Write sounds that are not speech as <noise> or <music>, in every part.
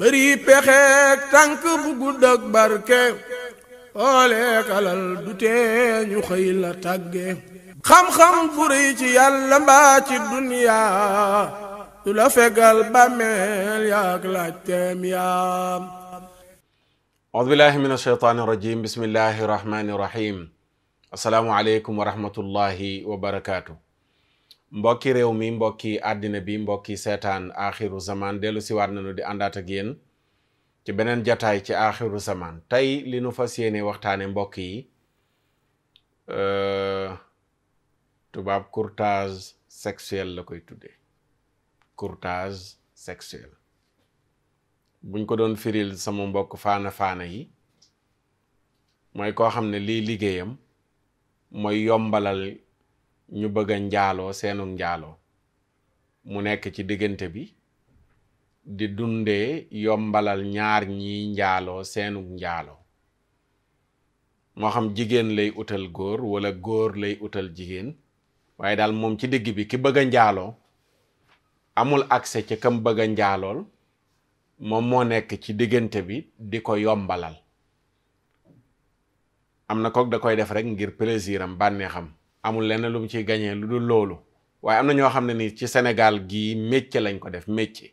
bëri pexeek tànk bu gudd ak barke xooleek alal du tee ñu xëy xam-xam bu rëy ci yàlla mbaa ci duniyaa du la fegal bàmmeel yaak laaj teem yaa audu billahi min alsheytaani irrajim bismillahi irrahmani irrahim asalaamu aleykum wa rahmatullahi wa barakaatu mbokki réew mi mbokki àddina bi mbokki seetaan axiru zaman dellu siwaat nañu di àndaat ak yéen ci beneen jataay ci axiru zaman tey li nu fa yéene waxtaane mbokk yi euh, tubaab courtage sexuel la koy tuddee courtage sexuel buñ ko doon firil sama mbokk faana faana yi mooy koo xam ne lii liggéeyam mooy yombalal ñu bëgg a njaaloo seenu njaaloo mu nekk ci diggante bi di dundee yombalal ñaar ñiy njaaloo seenu njaaloo moo xam jigéen lay utal góor walla góor lay utal jigéen waaye daal moom ci digg bi ki bëgg njaaloo amul accès ca kam bëgg njaalool moom moo nekk ci diggante bi di ko yombalal am na kook da koy def rek ngir plaisir bànneexam amul lenn lu mu ciy gañee lu dul loolu waaye am na ñoo xam ne nii ci Sénégal gii métier lañ ko def métier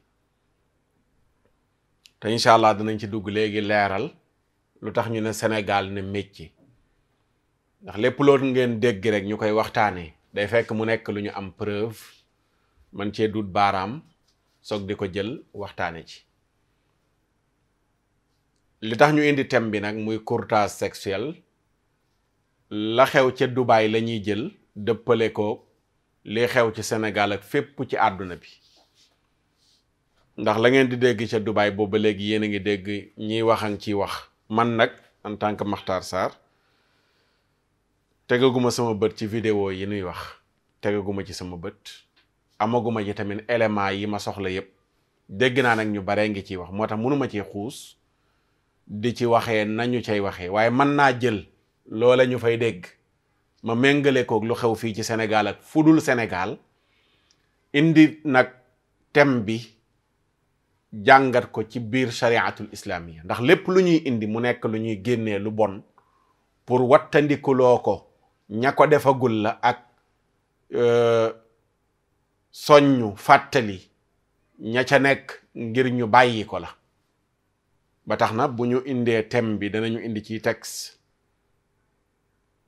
te incha allah dinañ ci dugg léegi leeral lu tax ñu ne Sénégal ne métier ndax lépp loolu ngeen dégg rek ñu koy waxtaanee day fekk mu nekk lu ñu am preuve man cee dut baaraam soog di ko jël waxtaane ci li tax ñu indi thème bi nag muy courtage sexuel la xew ca Dubaay la ñuy jël dëppale ko li xew ci Sénégal ak fépp ci àdduna bi ndax la ngeen di dégg ca Dubaay boobu ba léegi yéen a ngi dégg ñiy wax a ngi ciy wax man nag en tant que Makhtar Sarr tegaguma sama bët ci video yi nuy wax tegaguma ci sama bët amaguma ci tamit élément yi ma soxla yépp dégg naa nag ñu baree ngi ciy wax moo tax mënuma ci xuus di ci waxee nañu cay waxee waaye mën naa jël loola ñu fay dégg ma méngale koog lu xew fii ci Sénégal ak fudul Sénégal indi nag thème bi jàngat ko ci biir chariatul islamiya ndax lépp lu ñuy indi mu nekk lu ñuy génnee lu bon pour wattandikuloo ko ña ko defagul la ak euh, soññu fàttali ña ca nekk ngir ñu bàyyi ko la ba tax na bu ñu indee thème bi danañu indi ci tex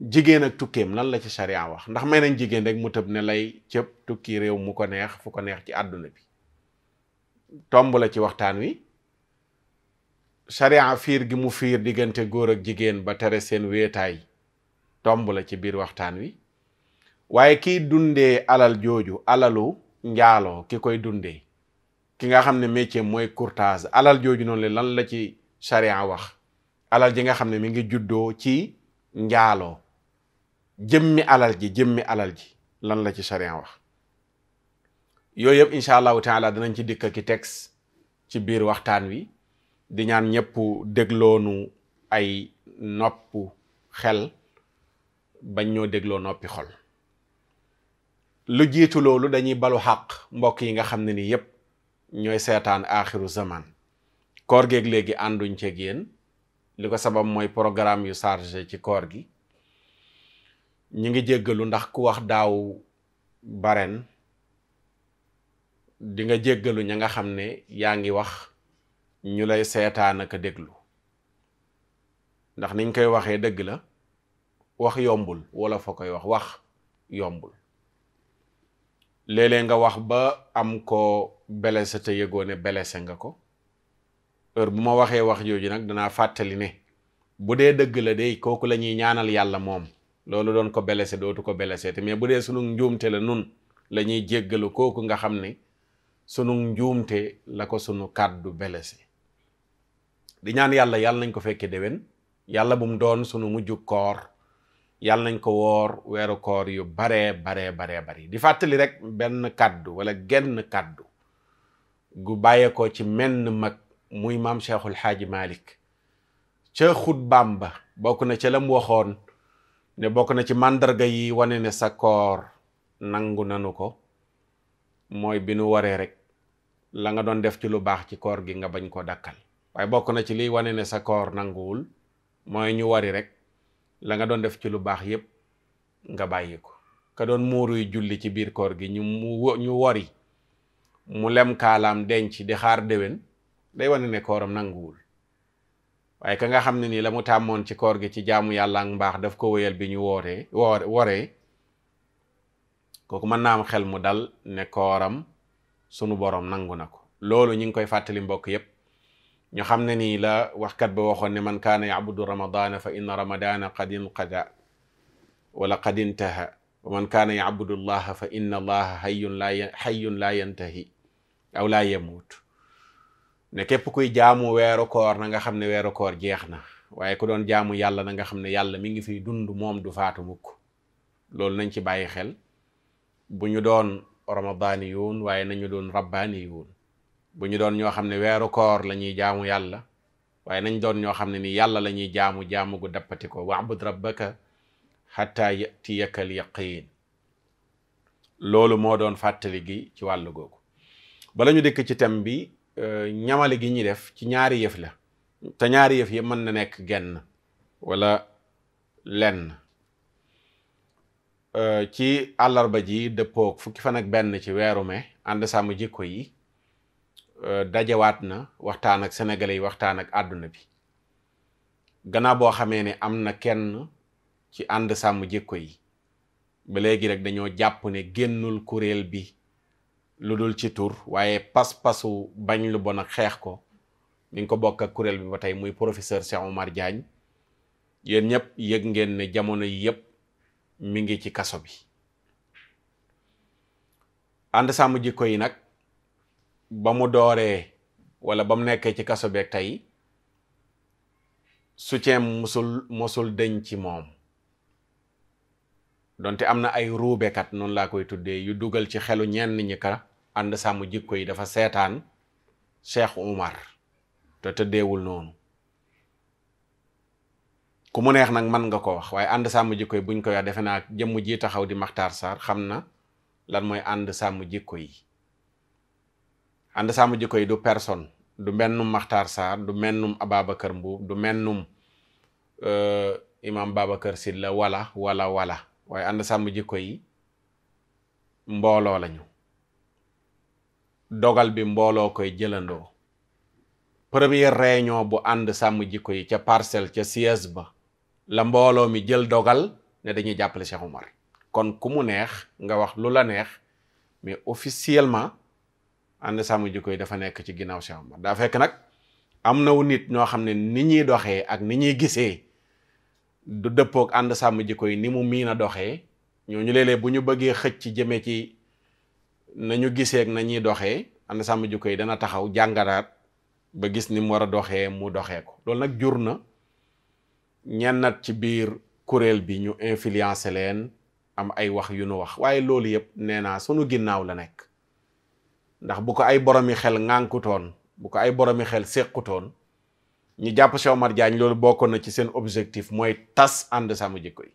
jigéen ak tukkeem lan la ci charia wax ndax may nañ jigéen rek mu tëb ne lay cëb tukki réew mu ko neex fu ko neex ci àdduna bi tomb la ci waxtaan wi charia fiir gi mu fiir diggante góor ak jigéen ba tere seen wétay tomb la ci biir waxtaan wi waaye kiy dundee alal jooju alalu njaaloo ki koy dundee ki nga xam ne métier mooy courtage alal jooju noonu lan la ci charia wax alal ji nga xam ne mi ngi juddoo ci njaaloo jëmmi alal ji jëmmi alal ji lan la ci charian wax yooyu yëpp incha allahu taala danañ ci dikk ki texte ci biir waxtaan wi di ñaan ñëpp dégloonu ay nopp xel bañ ñoo dégloo noppi xol lu jiitu loolu dañuy balu xàq mbokk yi nga xam ne ni yëpp ñooy seetaan aaxiru zaman koor geeg léegi ànduñ ceeg yéen li ko sabab mooy programme yu chargé ci koor gi ñu ngi jéggalu ndax ku wax daaw baren di nga jéggalu ña nga xam ne yaa ngi wax ñu lay seetaan ak déglu ndax niñ koy waxee dëgg la wax yombul wala fa koy wax wax yombul léeg nga wax ba am koo blessé te nga ko heure bu ma waxee wax jooju nag danaa fàttali ne bu dee dëgg la day kooku la ñuy ñaanal yàlla moom loolu doon ko belese dootu ko belese te mais bu dee sunu njuumte la nun la ñuy jéggalu kooku nga xam ne sunu njuumte la ko sunu kàddu belese di ñaan yàlla yàlla nañ ko fekke déwén yàlla bum doon sunu mujj koor yàlla nañ ko woor weeru koor yu baree baree baree bari di fàttali rek benn kàddu wala genn kàddu gu bàyyeekoo ci menn mag muy maam Cheikhul Xaaji Malik ca xutbaam ba bokk na ca la waxoon ne bokk na ci màndarga yi wane ne sa koor nangu nanu ko mooy bi nu waree rek la nga doon def ci lu baax ci koor gi nga bañ ko dakkal waaye bokk na ci liy wane ne sa koor nanguwul mooy ñu wari rek la nga doon def ci lu baax yépp nga bàyyi ko ka doon muuruy julli ci biir koor gi ñu mu ñu wari mu lem kaalaam denc di xaar déwén day wane ne kooram nanguwul waaye ka nga xam ne nii la mu tàmmoon ci koor gi ci jaamu yàlla ak mbaax daf ko wéyal bi ñu wooree woor woree kooku mën naa xel mu dal ne kooram sunu borom nangu na ko loolu ñu ngi koy fàttali mbokk yépp ñu xam ne nii la waxkat ba waxoon ne man kaana yabudu ramadana fa inna ramadana qad inqada wala qad intaha wa man kaana yabudu llaha fa inna allaha hayyun la hayyun la yantahi aw ne képp kuy jaamu weeru koor na xam ne weeru koor jeex na waaye ku doon jaamu yàlla na nga xam ne yàlla mi ngi fiy dund moom du faatu mukk loolu nañ ci bàyyi xel bu ñu doon ramadaani yoon waaye nañu doon rabbaani yoon bu ñu doon ñoo xam ne weeru koor la ñuy jaamu yàlla waaye nañ doon ñoo xam ne ni yàlla lañuy jaamu jaamu gu dappati ko wa'bud rabbaka xatta yatiyaka al yaqin loolu moo doon fàttali gi ci wàllu googu bala ñu dikk ci thème Euh, ñamale gi ñuy def ci ñaari yëf la te ñaari yëf yi mën na nekk genn wala lenn euh, ci àllarba ji dëppook fukki fan ak benn ci weeru mai ànd sàmm jikko yi euh, dajawaat na waxtaan ak sénégalais yi waxtaan ak àdduna bi gannaaw boo xamee ni am na kenn ci ànd sàmm jikko yi ba léegi rek dañoo jàpp ne génnul kuréel bi lu dul ci tur waaye pas-pasu bañ lu bon ak xeex ko mi ngi ko bokk ak kuréel bi ba tey muy professeur Cheikh Oumar Diagne yéen ñëpp yëg ngeen ne jamono yi yëpp mi ngi ci kaso bi ànd sàmm jikko yi nag ba mu dooree wala ba mu nekkee ci kaso beeg tey soutien musul musul deñ ci moom donte am na ay ruubekat noonu laa koy tuddee yu dugal ci xelu ñenn ñi ka ànd sàmm jikko yi dafa seetaan Cheikh Umar te tëddeewul noonu ku mu neex nag mën nga ko wax waaye ànd sàmm jikko yi buñ koy wax defe naa jëmm ji taxaw di Maxtaar Sarr xam na lan mooy ànd sàmm jikko yi ànd sàmm jikko yi du person du mennum Maxtaar Sarr du mennum Ababacar Mbuub du mennum uh, imam Babacar Sylla wala wala wala waaye ànd sàmm jikko yi mbooloo lañu dogal bi mbooloo koy jëlandoo première réunion bu ànd sàmm jikko yi ca parcelle ca siège ba la mbooloo mi jël dogal ne dañuy jàppale Cheikh kon ku mu neex nga wax lu la neex mais officiellement ànd sàmm jikko yi dafa nekk ci ginnaaw Cheikh daa fekk nag am na wu nit ñoo xam ne ni ñuy doxee ak ni ñuy gisee du dëppook ànd sàmm jikko yi ni mu miin a doxee ñooñu léeg-léeg bu ñu bëggee xëcc jëmee ci nañu gisee na ñuy doxee ànd sàmm jikko yi dana taxaw jàngaraat ba gis ni mu war a doxee mu doxee ko loolu nag jur na ñennat ci biir kuréel bi ñu influencé leen am ay wax yu nu wax waaye loolu yëpp nee naa sunu ginnaaw la nekk ndax bu ko ay boromi xel ŋànkutoon bu ko ay boromi xel séqutoon ñu jàpp Cheikh Omar Diagne loolu bokkoon na ci seen objectif mooy tas ànd sàmm jikko yi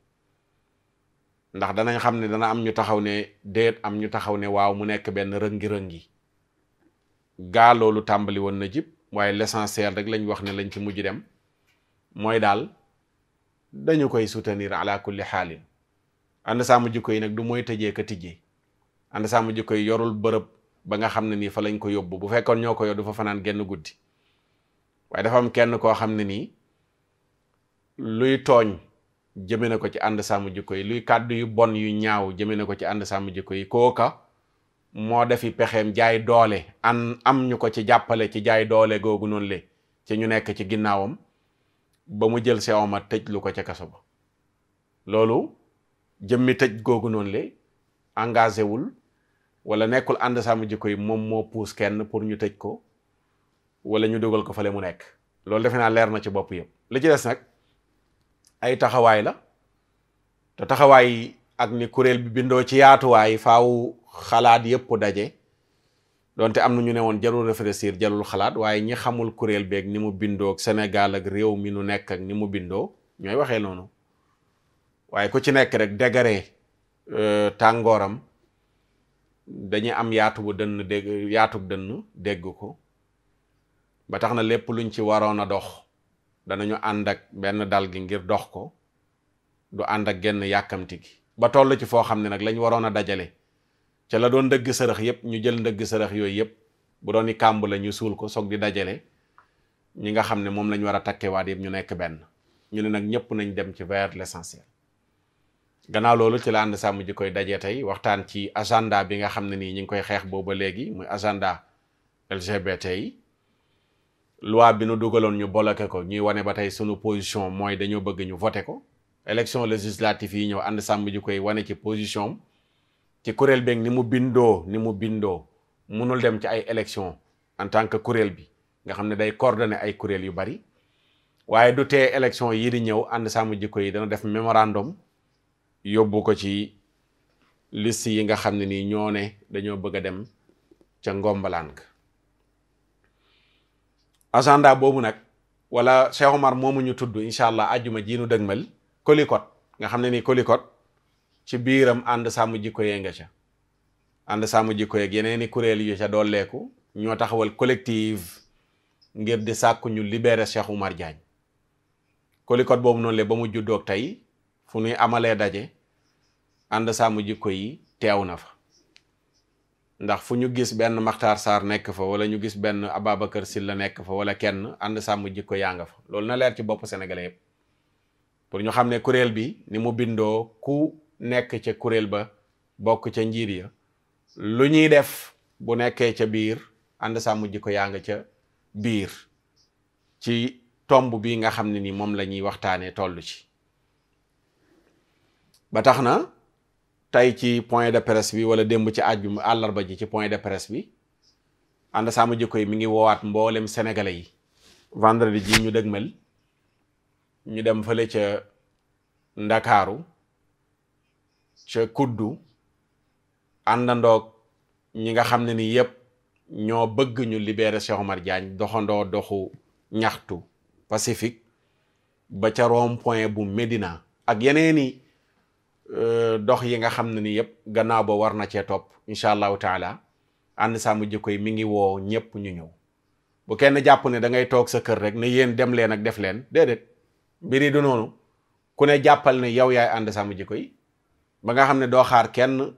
ndax danañ xam ne dana am ñu taxaw ne déet am ñu taxaw ne waaw mu nekk benn rëngi-rëngi gaa loolu tàmbali woon na jib waaye l'essentiel rek lañ wax ne lañ ci mujj dem mooy daal dañu koy soutenir ala kulli xaalin ànd saamu jikko yi nag du mooy tëjee ka tijji ànd saamu jikko yi yorul bërëb ba nga xam ne nii fa lañ ko yóbbu bu fekkoon ñoo ko yor du fa fanaan genn guddi waaye dafa am kenn koo xam ne nii luy tooñ jëme na ko ci ànd sàmm jikko yi luy kàddu yu bon yu ñaaw jëme na ko ci ànd sàmm jikko yi kooka moo defi pexeem jaay doole an am ñu ko ci jàppale ci jaay doole googu noonu le ci ñu nekk ci ginnaawam ba mu jël sew ma tëj lu ko ca kaso ba loolu jëmmi tëj googu noonu le engagé wul wala nekkul ànd sàmm jikko yi moom moo puus kenn pour ñu tëj ko wala ñu dugal ko fale mu nekk loolu defe naa leer na ci bopp yëpp li ci des nag ay taxawaay la te taxawaay ak ni kuréel bi bindoo ci yaatuwaay faaw xalaat yépp daje donte am na ñu ne woon jarul réfléchir jarul xalaat waaye ñi xamul kuréel beeg ni mu bindook ak ak réew mi nu nekk ak ni mu bindoo ñooy waxee noonu waaye ku ci nekk rek degré euh, tàngooram dañuy am yaatu bu dënn dégg dënn dégg ko ba tax na lépp luñ ci waroon a dox danañu ànd ak benn dal gi ngir dox ko du ànd ak genn yàkkamti gi ba toll ci foo xam ne nag lañ waroon a dajale ca la doon dëgg sërëx yépp ñu jël ndëgg sërëx yooyu yépp bu doon i kàmb la ñu suul ko soog di dajale ñi nga xam ne moom lañ war a takkewaat yépp ñu nekk benn ñu ne nag ñépp nañ dem ci vers l'essentiel gannaaw loolu ci la ànd sàmm ji koy dajee tey waxtaan ci agenda bi nga xam ne nii ñu ngi koy xeex booba léegi muy agenda LGBT yi loi bi nu dugaloon ñu bloqué ko ñuy wane ba tey sunu position mooy dañoo bëgg ñu voté ko élection législative yi ñëw ànd sàmm ji koy wane ci position ci kuréel beeg ni mu bindoo ni mu bindoo mënul dem ci ay élection en tant que kuréel bi nga xam ne day coordonné ay kuréel yu bari waaye du tee élection yii di ñëw ànd sàmm jikko yi dana def mémorandum yóbbu ko ci list yi nga xam ne nii ñoo ne dañoo bëgg a dem ca ngombalaan agenda boobu nag wala Cheikh Omar moomu ñu tudd incha allah ajjuma jiinu dëgmal kolikot nga xam ne nii kolikot ci biiram ànd sàmm jikko yee nga ca ànd sàmm jikko yeeg yeneen i kuréel yu ca dooleeku ñoo taxawal collective ngir di sàkku ñu libérer Cheikh Omar Diagne kolikot boobu noonu le ba mu juddoog tey fu nuy amalee daje ànd sàmm jikko yi teew na fa ndax fu ñu gis benn maxtar Sarr nekk fa wala ñu gis benn Ababacar Sylla nekk fa wala kenn ànd sàmm jikko yaa nga fa loolu na leer ci bopp sénégalais pour ñu xam ne kuréel bi ni mu bindoo ku nekk ca kuréel ba bokk ca njiit ya lu ñuy def bu nekkee ca biir ànd sàmm jikko yaa nga ca biir ci tomb bi nga xam ne ni moom la ñuy waxtaanee toll ci ba tax na tey ci point de presse bi wala démb ci àjj bi àllarba ji ci point de presse bi ànd Sàmm Jikko Yi mu ngi woowaat mboolem sénégalais yi vendredi ji ñu dëgmal ñu dem fële ca ndakaaru ca kuddu àndandoog ñi nga xam ne ni yépp ñoo bëgg ñu libérer Cheikh Omar doxandoo doxu ñaxtu Pacifique ba ca rond point bu Médina ak yeneeni Euh, dox yi nga xam ne ni yëpp gannaaw ba war na cee topp incha allahu taala ànd sàmm jikko yi mi ngi woo ñëpp ñu ñëw bu kenn jàpp ne da ngay toog sa kër rek ne yeen dem leen ak def leen déedéet mbir yi du noonu ku ne jàppal ne yow yaay ànd sàmm jikko yi ba nga xam ne doo xaar kenn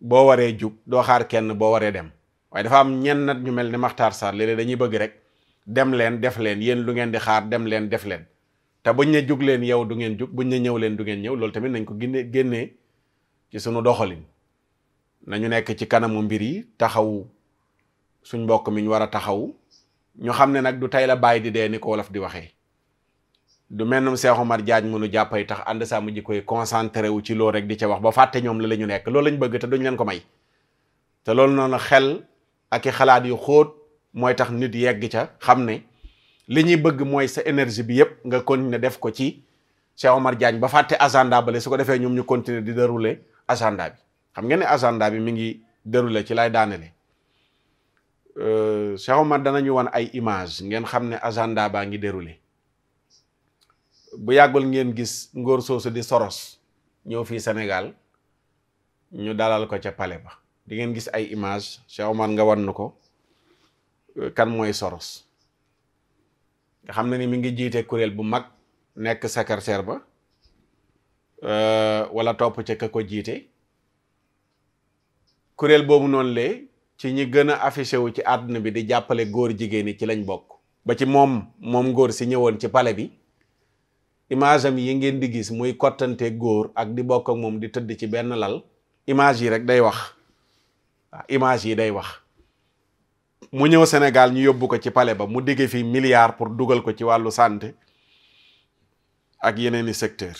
boo waree jub doo xaar kenn boo waree dem waaye dafa am ñenn nat ñu mel ni Maxtaar Sarr léeg dañuy bëgg rek dem leen def leen yéen lu ngeen di xaar dem leen def leen te buñ ne jug leen yow du ngeen jug bu ñu ne ñëw leen du ngeen ñëw loolu tamit nañ ko génne génnee ci sunu doxalin nañu nekk ci kanamu mbir yi taxaw suñ mbokk mi ñu war a taxaw ñu xam ne nag du tey la bàyyi di dee ni ko wolof di waxee du mennum Cheikh Omar Diagne mënu jàppay tax ànd saa mu ji koy concentré wu ci loolu rek di ca wax ba fàtte ñoom la la ñu nekk loolu lañ bëgg te duñ leen ko may te loolu noonu xel ak i xalaat yu xóot mooy tax nit yegg ca xam ne li ñuy bëgg mooy sa énergie bi yépp nga continuer def ko ci Cheikh Omar Diagne ba fàtte agenda bale su ko defee ñoom ñu continuer di dérouler agenda bi xam ngeen ne agenda bi mi ngi dérouler ci lay daanele euh, Cheikh Omar danañu wan ay image ngeen xam ne agenda baa ngi dérouler bu yàggul ngeen gis ngóor soosu di Soros ñëw fii Sénégal ñu dalal ko ca pale ba di ngeen gis ay image Cheikh Omar nga wan nu ko kan mooy Soros nga xam ne ni mi ngi jiite kuréel bu mag nekk secrétaire ba euh, walla topp ca ka ko jiite kuréel boobu noonu lee ci ñi gën a affiché wu ci àdduna bi di jàppale góor jigéen ñi ci lañ bokk ba ci moom moom góor si ñëwoon ci pale bi image am yi ngeen di gis muy kottante góor ak di bokk ak moom di tëdd ci benn lal image yi rek day wax waaw image yi day wax mu ñëw senegal ñu yóbbu ko ci pale ba mu digge fii milliard pour dugal ko ci wàllu santé ak yeneeni secteur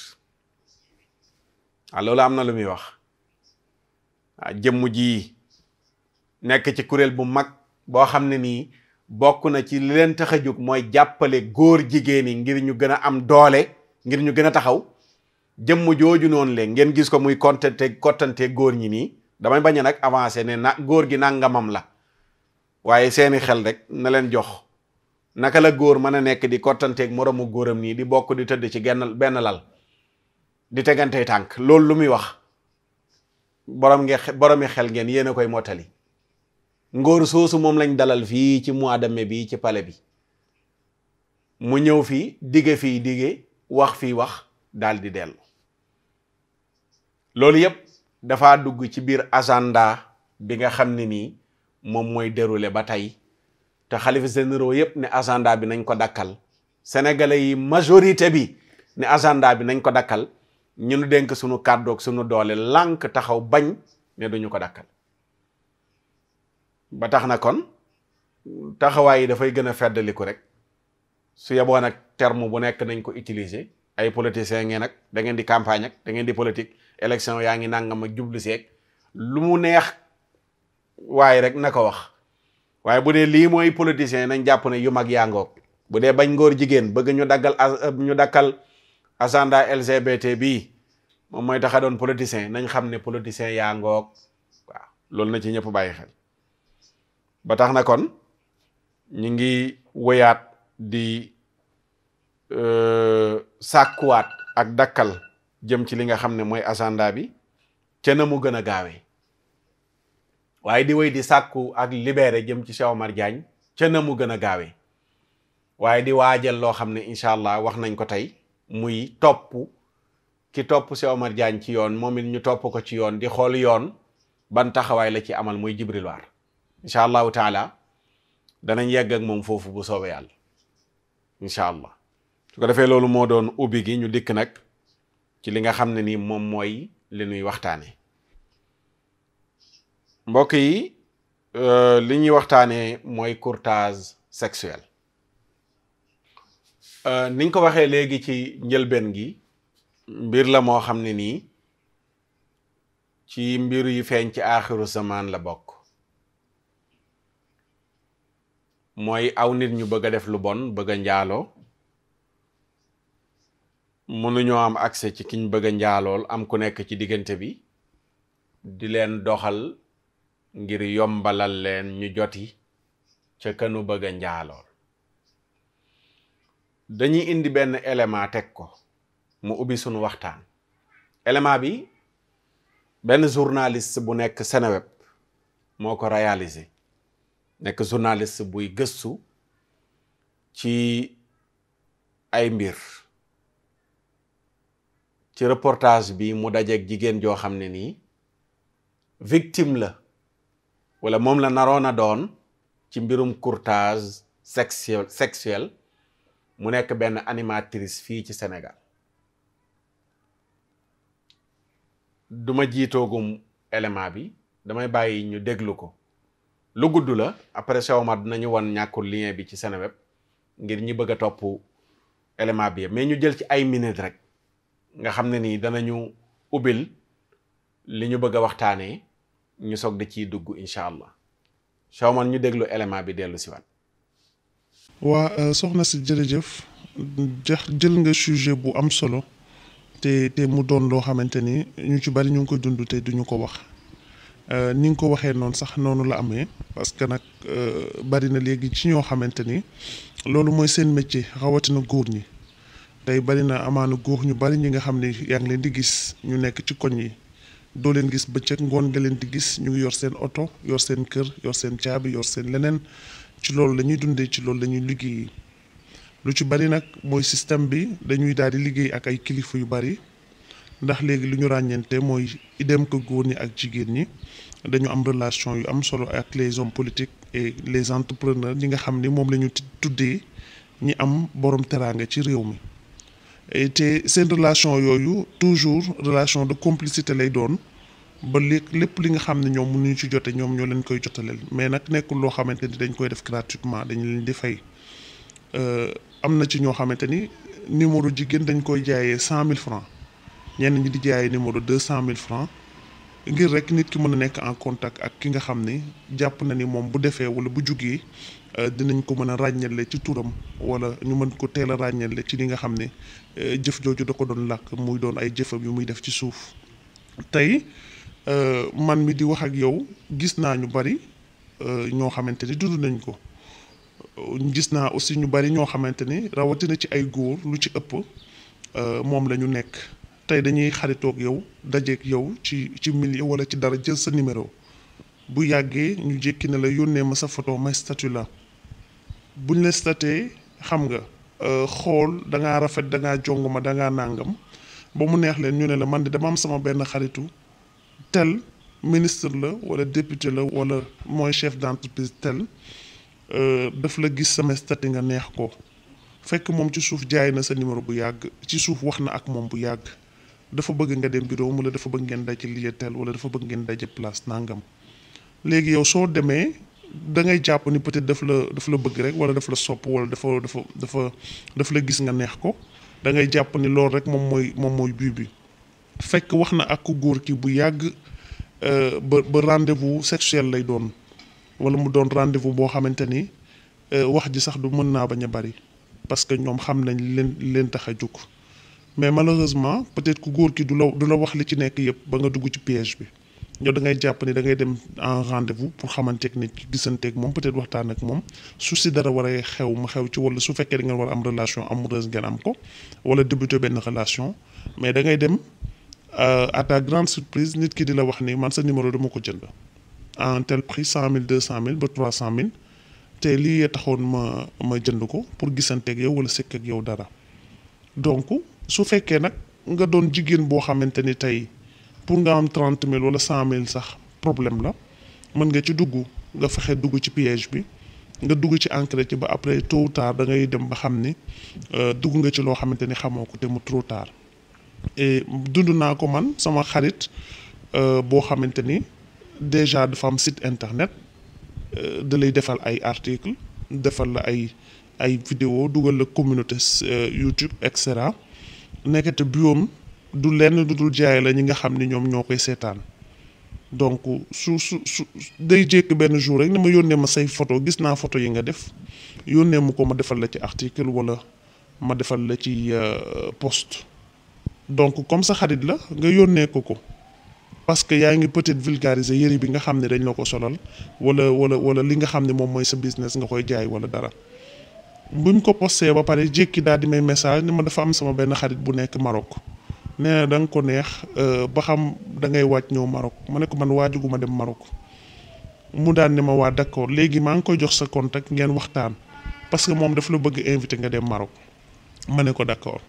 ah loolu am na lu muy wax ah, jëmm ji nekk ci kuréel bu mag boo xam ne nii bokk na ci li leen tax jóg mooy jàppale góor jigéen yi ngir ñu gën a am doole ngir ñu gën a taxaw jëmm jooju noonu le ngeen gis ko muy kontante kontante góor ñi nii damay bañ nag avancé ne na góor gi nangamam la waaye seeni xel rek na leen jox naka la góor mën a nekk di kottanteeg moroomu góoram nii di bokk di tëdd ci genn benn lal di tegantey tànk loolu lu muy wax borom nge xel ngeen yéen a koy mottali ngóor soosu moom lañ dalal fii ci mois de mai bii ci pale bi mu ñëw fii dige fii dige wax fii wax dal di dellu loolu yépp dafa dugg ci biir agenda bi nga xam ni nii moom mooy déroulé ba tey te xalifa généraux yépp ne agenda bi nañ ko dakkal sénégalais yi majorité bi ne agenda bi nañ ko dakkal ñu nu dénk suñu kàddoog sunu doole lank taxaw bañ ne duñu ko dakkal ba tax na kon taxawaay yi dafay gën a feddaliku rek su yeboon ak terme bu nekk nañ ko utiliser ay politiciens ngeen ak da ngeen di campagne ak da ngeen di politique élection yaa ngi nangam ak jublu seeg lu mu neex waaye rek na ko wax waaye bu dee lii mooy politicien nañ jàpp ne yu mag yaa ngoog bu dee bañ ngoor jigéen bëgg ñu daggal euh, ñu dakkal agenda LGBT bi moom mooy taxa doon politicien nañ xam ne politicien yaa ngoog waaw loolu na ci ñëpp bàyyi xel ba tax na kon ñu ngi wëyaat di euh, sàkkuwaat ak dakkal jëm ci li nga xam ne mooy agenda bi ca na mu gën a gaawee waaye di wéy di sàkku ak libéré jëm ci Cheikh Omar Diagne ca na mu gën a gaawee waaye di waajal loo xam ne incha allah wax nañ ko tey muy topp ki topp Cheikh Omar Diagne ci yoon moom it ñu topp ko ci yoon di xool yoon ban taxawaay la ci amal muy Jibril Waar incha allahu taala danañ yegg moom foofu bu soobee yàlla incha allah su ko defee loolu moo doon ubbi gi ñu dikk nag ci li nga xam ne nii moom mooy li nuy waxtaane mbokk yi euh, li ñuy waxtaanee mooy courtage sexuel euh, niñ ko waxee léegi ci njëlbeen gi mbir la moo xam ne nii ci mbir yi feeñ ci aaxiru zaman la bokk mooy aw nit ñu bëgg a def lu bon bëgg a njaaloo mënuñoo am accès ci kiñ bëgg njaalool am ku nekk ci diggante bi di leen doxal ngir yombalal leen ñu joti ca kanu bëgg a njaalool dañuy indi benn élément teg ko mu ubbi sunu waxtaan élément bi benn journaliste bu nekk Seneweb moo ko réalisé nekk journaliste buy gëstu ci ay mbir ci reportage bi mu dajeeg jigéen joo xam ne nii victime la wala moom la naroon a doon ci mbirum courtage sexuel mu nekk benn animatrice fii ci senegal duma jiitoogum élément bi damay bàyyi ñu déglu ko lu gudd la après sewma dinañu won ñàkkul lien bi ci Seneweb ngir ñi bëgg a topp élément bi mais ñu jël ci ay minutes rek nga xam ne nii danañu ubbil li ñu bëgg waxtaanee ñu soog di ciy dugg incha allah Chawman ñu déglu élément bi dellu si waat. waa euh, soxna si jërëjëf jël nga sujet bu am solo te te mu doon loo xamante ni ñu ci bari ñu ngi ko dund te duñu ko wax euh, ni nga ko waxee noonu sax noonu la amee parce que nag euh, bari na léegi ci ñoo xamante ni loolu mooy seen métier rawatina góor ñi tey bari na amaana góor ñu bari ñi nga xam ne yaa ngi leen di gis ñu nekk ci koñ yi. doo leen gis bëccëg ngoon nga leen di gis ñu ngi yor seen oto yor seen kër yor seen caabi yor seen leneen ci loolu la ñuy dundee ci loolu la ñuy liggéey lu ci bari nag mooy système bi dañuy daal di liggéey ak ay kilifa yu bari ndax léegi lu ñu ràññeente mooy idem ko góor ñi ak jigéen ñi dañu am relation yu am solo ak les hommes politiques et les entrepreneurs ñi nga xam ni moom la ñu tuddee ñi am borom teraanga ci réew mi. te seen relation yooyu toujours relation de complicité lay doon ba lépp li nga xam ne ñoom mënuñu ci jotee ñoom ñoo leen koy jotaleel mais nag nekkul loo xamante ni dañ koy def gratuitement dañu leen di fay euh, am na ci ñoo xamante ni numéro jigéen dañ koy jaayee cent mille francs ñenn ñi di jaaye numéro deux cent mille francs ngir rek nit ki mën a nekk en contact ak ki nga xam ni jàpp na ni moom bu defee wala bu jugee Euh, dinañ ko mën a ràññale ci turam wala ñu mën ko teel a ràññale ci li nga xam ne euh, jëf jooju da ko doon làkk muy doon ay jëfam yu muy def ci suuf tey euh, man mi di wax ak yow gis naa ñu bari ñoo xamante ni dund nañ ko gis naa aussi ñu bari ñoo xamante ni rawatina ci ay góor lu ci ëpp moom la ñu nekk tey dañuy xaritoog yow dajeeg yow ci ci milieu wala ci dara jël sa numéro bu yàggee ñu jékki ne la yónnee ma sa photo may statut la buñ la statee xam nga euh, xool dangaa rafet dangaa ngaa jong ma dangaa ngaa nàngam ba mu neex leen ñu ne la man de dama am sama benn xaritu tel ministre la wala député la wala mooy chef d'entreprise tel euh, daf la gis sama statut nga neex ko fekk moom ci suuf jaay na sa numéro bu yàgg ci suuf wax na ak moom bu yàgg dafa bëgg nga dem bureau wala dafa bëgg ngeen daje lieu tel wala dafa bëgg ngeen daje place nàngam léegi yow soo demee da ngay jàpp ni peut-être daf la daf la bëgg rek wala daf la sopp wala dafa dafa dafa daf la gis nga neex ko da ngay jàpp ni loolu rek moom mooy moom mooy but bi fekk wax na ak ku góor ki bu yàgg euh, ba ba rendez-vous sexuel lay doon wala mu doon rendez-vous boo xamante ni euh, wax ji sax du mën naa bañ a bari parce que ñoom xam nañ leen leen tax a jóg mais malheureusement peut-être ku góor ki du la du la wax li ci nekk yëpp ba nga dugg ci piège bi. yow da ngay jàpp ni da ngay dem en rendez-vous pour xamanteeg nit gisanteeg moom peut-être waxtaan ak moom su si dara war a xew ma xew ci wala su fekkee da ngeen war a am relation amoureuse ngeen am ko wala débuter benn relation mais da ngay dem euh, à ta grande surprise nit ki di la wax nii man sa numéro dama ko jënd en tel cent mille deux cent mille ba trois cent mille te lii taxoon ma ma jënd ko pour gisanteeg yow wala sekk ak yow dara donc su fekkee nag nga doon jigéen boo xamante ni tey. pour nga am trente mille wala cent mille sax problème la mën nga ci dugg nga fexe dugg ci piège bi nga dugg ci encre ci ba après tôt ou tard da ngay dem ba xam ni euh, dugg nga ci loo xamante ni xamoo ko te mu trop tard et dund naa ko man sama xarit euh, boo xamante ni déjà dafa am site internet euh, da lay defal ay article defal la ay ay vidéo dugal la communauté YouTube et cetera nekkate biom du lenn du dul jaay la ñi nga xam ni ñoom ñoo koy seetaan donc su su su day jékk benn jour rek ne ma yónnee ma say photo gis naa photo yi nga def yónnee mu ko ma defal la ci article wala ma defal la ci euh, poste donc comme sa xarit la nga yónnee ko ko parce que yaa ngi peut-être vulgariser yëri bi nga xam ne dañ la ko solal wala wala wala li nga xam ne moom mooy sa business nga koy jaay wala dara buñ ko posté ba pare jékki daal di may message ne ma dafa am sama benn xarit bu nekk Maroc nee na da nga ko neex euh, ba xam da ngay ñëw Maroc ma ne ko man waajuguma dem Maroc mu daan ne ma waa d'accord léegi maa ngi koy jox sa contact ngeen waxtaan parce que moom daf la bëgg invité nga dem Maroc ma ne ko d'accord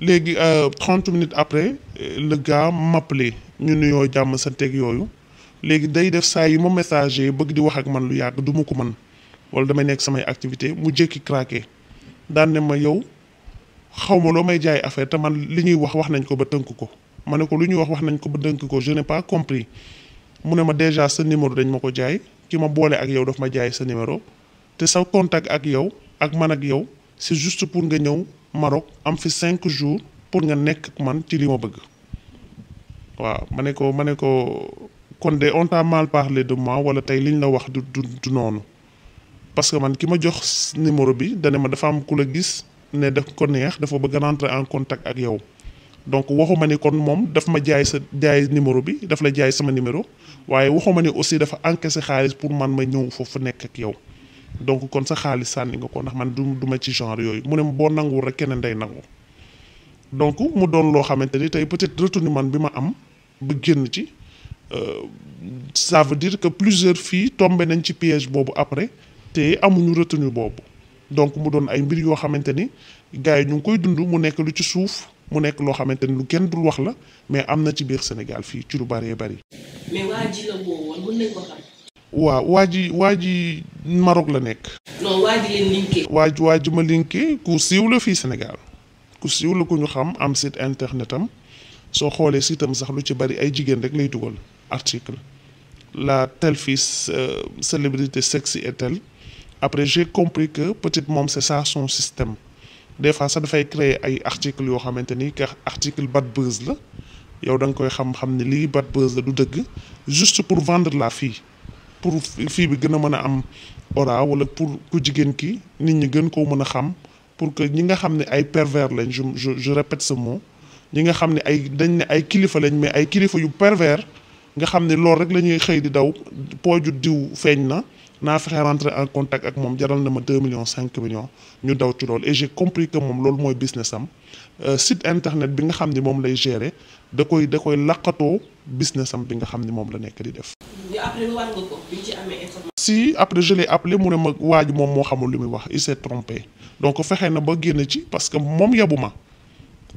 léegi euh, trente minutes après euh, le gars m'appelé ñu nuyoo jàmm sa teg yooyu léegi day def saa yi ma messager bëgg di wax ak man lu yàgg du ma ko man wala damay nekk samay activité mu jékki craqué daan ne ma yow. xaw ma loo may jaay affaire te man li ñuy wax wax nañ ko ba tënk ko ma ne ko lu ñuy wax wax nañ ko ba tënk ko je n'ai pas compris mu ne ma déjà sa numéro dañ ma ko jaay ki ma boole ak yow daf ma jaay sa numéro te sa contact ak yow ak man ak yow si juste pour nga ñëw Maroc am fi cinq jours pour nga nekk man ci li ma bëgg waaw ma ne ko ma ne ko kon de on t'a mal parlé de moi wala tey li liñ la wax du du du noonu parce que man ki ma jox numéro bi dana ma dafa am ku gis ne daf ko neex dafa bëgg rentrer en contact ak yow donc waxuma ni kon moom daf ma jaay sa jaay numéro bi daf la jaay sama numéro waaye waxuma ni aussi dafa encaissé xaalis pour man ma ñëw foofu nekk ak yow donc kon sa xaalis sànni nga ko ndax man du du ma ci genre yooyu mu ne boo nanguwul rek keneen day nangu donc mu doon loo xamante ni tey peut-être man bi ma am ba génn ci euh, ça veut dire que plusieurs fii tombé nañ ci piège boobu après te amuñu retenu boobu donc mu doon ay mbir yoo xamante ni gars yi ñu ngi koy dund mu nekk lu ci suuf mu nekk loo xamante ni lu kenn dul wax la mais am na ci biir Sénégal fii ci lu bëree bëri. waa ji la waaw waa ji waa ji Maroc la nekk. waa ji waa ji ma linké ku siiw la fii Sénégal ku siiw la ku ñu xam am site internet am soo xoolee site sax lu ci bari ay jigéen rek lay dugal article la telle fille euh, célébrité sexy et telle. après je compris que peut-être moom c'est ça son système des fois sax dafay créer ay articles yoo xamante ni que article bat buzz la yow da nga koy xam-xam ne lii bad buzz la du dëgg juste pour vendre la fille pour fii bi gën a mën a am aura wala pour ku jigéen ki nit ñi gën koo mën a xam pour que ñi nga xam ne ay pervers lañ je je je répète ce mot ñi nga xam ne ay dañ ne ay kilifa lañ mais ay kilifa yu pervers nga xam ne loolu rek la ñuy xëy di daw pooju diw feeñ na. naa fexe rentrer en contact ak moom jaral na ma 2 millions cinq millions ñu daw ci loolu et j'ai compris que moom loolu mooy business am euh, site internet bi nga xam ni moom lay gérer da koy da koy laqatoo business am bi nga xam ni moom la nekk di def. si après je l'ai appelé mu ne ma waa ji moom moo xamul lu muy wax il s'est trompé donc fexe na ba génn ci parce que moom yabu ma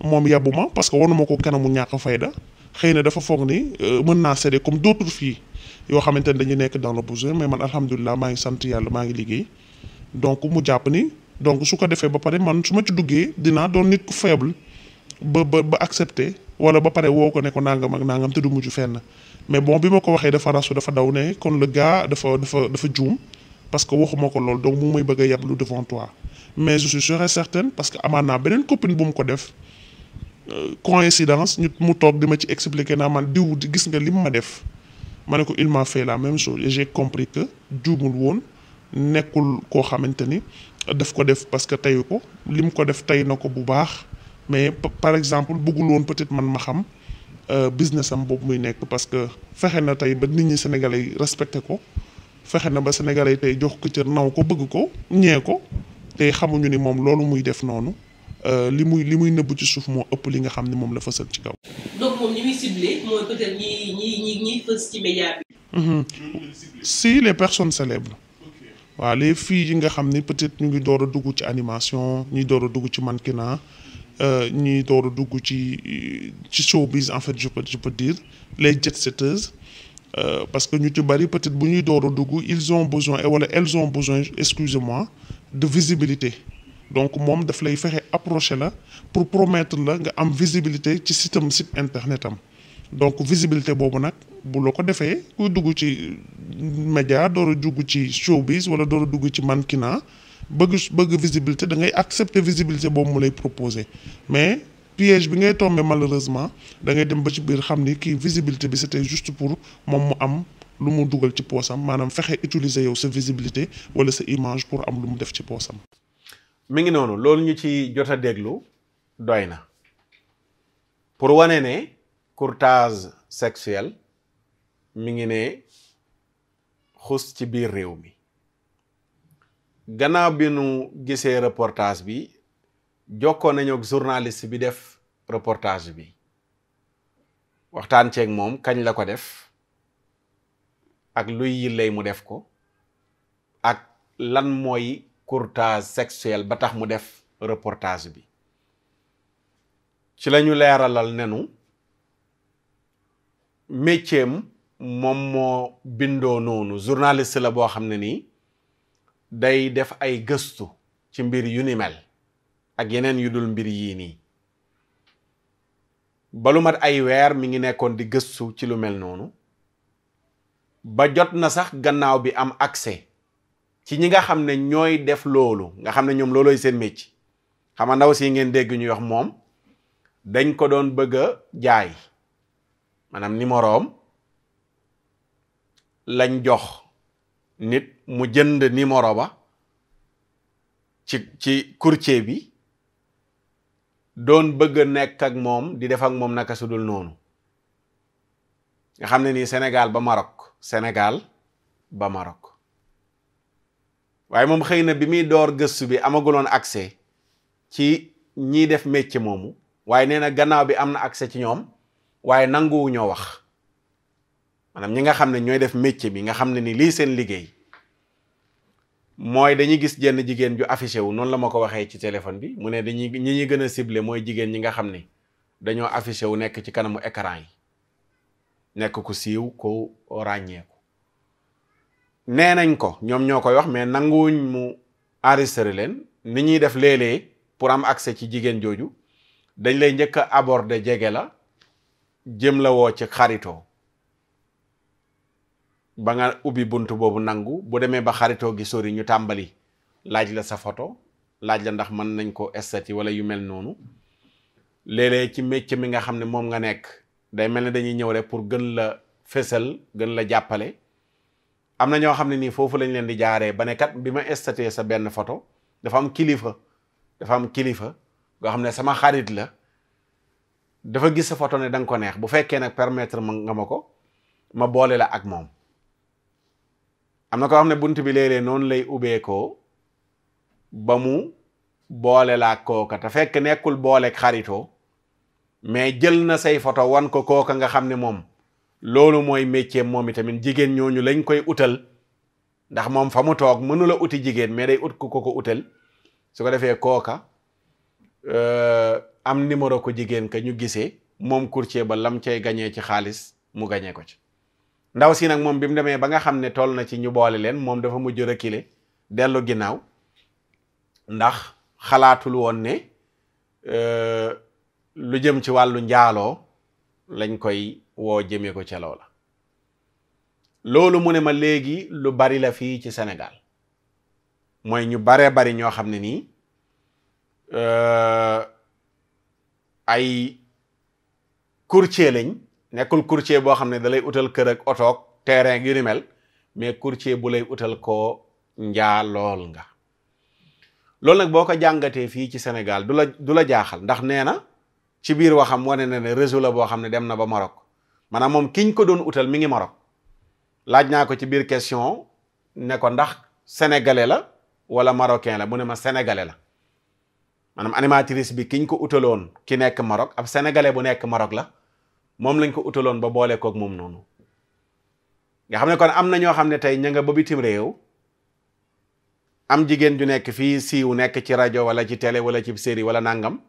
moom yabu ma parce que wanu ma ko kanamu ñàkk fayda xëy na dafa foog ni euh, mën naa seede comme d'autres filles yoo xamante ne dañu nekk dans le besoin mais man alhamdulilah maa ngi sant yàlla maa ngi liggéey donc mu jàpp ni donc su ko defee ba pare man su ma ci duggee dinaa doon nit ku faible ba ba ba accepter wala ba pare woo ko ne ko nangam ak nangam te du mujj fenn mais bon bi ma ko waxee dafa rasu dafa daw ne kon le gars dafa dafa dafa juum parce que waxuma ko loolu donc mu may bëgg a yablu devant toi mais je suis sûre et parce que amaan naa beneen copine bu ko def euh, coïncidence ñu mu toog di ci expliquer naa man diw gis nga lim ma def. ma ne ko il m'a fait la même chose et j'ai compris que juumul woon nekkul koo xamante ni daf ko def parce que teyu ko li mu ko def tey na ko bu baax mais par exemple bëggul woon peut-être man ma xam euh, business am boobu muy nekk parce que fexe na tey ba nit ñi sénégalais yi respecté ko fexe na ba sénégalais yi tey jox ko cër naw ko bëgg ko ñee ko te xamuñu ni moom loolu muy def noonu euh, li muy li muy nëbb ci suuf moo ëpp li nga xam ne moom la fësal ci kaw. Mhm. si les personnes célèbres. waaw les filles yi nga xam ni peut-être ñu ngi door a dugg ci animation ñuy door a dugg ci mannequinat euh, ñuy door a dugg ci ci showbiz en fait je peux je peux dire les jet-setteuses euh, parce que ñu ci bari peut-être bu ñuy door a dugg ils ont besoin wala voilà, elles ont besoin excusez de visibilité donc moom daf lay fexe approché la pour promettre la nga am visibilité ci sitam site internet am. donc visibilité boobu nag bu la ko defee kuy dugg ci média door a dugg ci showbiz wala door a dugg ci mannequinat bëgg bëgg visibilité da ngay accepter visibilité boobu mu lay proposé mais piège bi ngay tombé malheureusement da ngay dem ba ci biir xam ni kii visibilité bi c'était juste pour moom mu am lu mu dugal ci poosam maanaam fexe utiliser yow sa visibilité wala sa image pour am lu mu def ci poosam. mi ngi noonu loolu ñu ci jot a déglu doy na pour courtage sexuel mu ngi ne xus ci biir réew mi gannaaw bi nu gisee reportage bi jokkoo nañu ak journaliste bi def reportage bi waxtaan ceeg moom kañ la ko def ak luy yillay mu def ko ak lan mooy courtage sexuel ba tax mu def reportage bi ci lañu leeralal nenu métier moom moo bindoo noonu journaliste la boo xam ne nii day def ay gëstu ci mbir yu ni mel ak yeneen yu dul mbir yii nii balu mat ay weer mi ngi nekkoon di gëstu ci lu mel noonu ba jot na sax gannaaw bi am accès ci ñi nga xam ne ñooy def loolu nga xam ne ñoom loolooy seen métier xam ndaw si ngeen dégg ñu wax moom dañ ko doon bëgg a jaay maanaam numéro am lañ jox nit mu jënd numéro ba ci ci courtier bi doon bëgg a nekk ak moom di def moom naka sudul dul noonu nga xam ne nii Sénégal ba Maroc Sénégal ba Maroc waaye moom xëy na bi muy door gëstu bi amaguloon accès ci ñiy def métier moomu waaye nee na gannaaw bi am na accès ci ñoom waaye nanguwu ñoo wax maanaam ñi nga xam ne ñooy def métier bi nga xam ne ni lii seen liggéey mooy dañuy gis jenn jigéen ju affiché wu noonu la ma ko waxee ci téléphone bi mu ne dañuy ñi ñuy gën a ciblé mooy jigéen ñi nga xam ne dañoo afficé wu nekk ci kanamu écran yi nekk ku siiw ko ràññeeku nee nañ ko ñoom ñoo koy wax mais nanguwuñ mu enregistré leen ni ñuy def léeg-léeg pour am accès ci jigéen jooju dañ lay njëkk a aborder jege la jëm la woo ci xaritoo ba nga ubbi bunt boobu nangu bu demee ba xaritoo gi sori ñu tàmbali laaj la sa photo laaj la ndax mën nañ koo estati wala yu mel noonu léeg ci métier mi nga xam ne moom nga nekk day mel ne dañuy ñëw rek pour gën la fésal gën la jàppale am na ñoo xam ne nii foofu lañ leen di jaaree ba nekkat bi ma estati sa benn photo dafa am kilifa dafa am kilifa nga xam ne sama xarit la dafa gis sa photo ne da nga ko neex bu fekkee nag permettre ma nga ma ko ma boole la ak moom am na koo xam ne bunt bi léeg-léeg noonu lay ubbeekoo ba mu boole la ak kooka te fekk nekkul booleeg xaritoo mais jël na say photo wan ko kooka nga xam ne moom loolu mooy métier moom itamit jigéen ñooñu lañ koy utal ndax moom fa mu toog mënu la uti jigéen mais day ut ku ko ko utal su ko defee kooka. Euh, am numéro ko jigéen ka ñu gisee moom courtier ba lam cay gañee ci xaalis mu gañee ko ci ndaw si nag moom bi mu demee ba nga xam ne toll na ci ñu boole leen moom dafa mujj reculer dellu ginnaaw ndax xalaatul woon ne euh, lu jëm ci wàllu njaaloo lañ koy woo jëmee ko ca loola loolu mu ne ma léegi lu bari la fii ci senegal mooy ñu baree bari ñoo xam ne nii euh, ay courtier lañ nekkul courtier boo xam ne dalay utal kër ak otoog terrain yu mais courtier bu lay utal koo njaalool nga loolu nag boo ko jàngatee fii ci Sénégal du la du la jaaxal ndax nee na ci biir waxam wane na ne réseau la boo xam ne dem na ba Maroc maanaam moom kiñ ko doon utal mi ngi Maroc laaj naa ko ci biir question ne ko ndax sénégalais la wala marocain la bu ne ma sénégalais la maanaam animatrice bi kiñ ko utaloon ki nekk Maroc ab sénégalais bu nekk Maroc la moom lañ ko utaloon ba boole kook moom noonu nga xam ne kon am na ñoo xam ne tey ña nga ba bitim réew am jigéen ju nekk fii siiw nekk ci rajo wala ci télé wala ci série wala nangam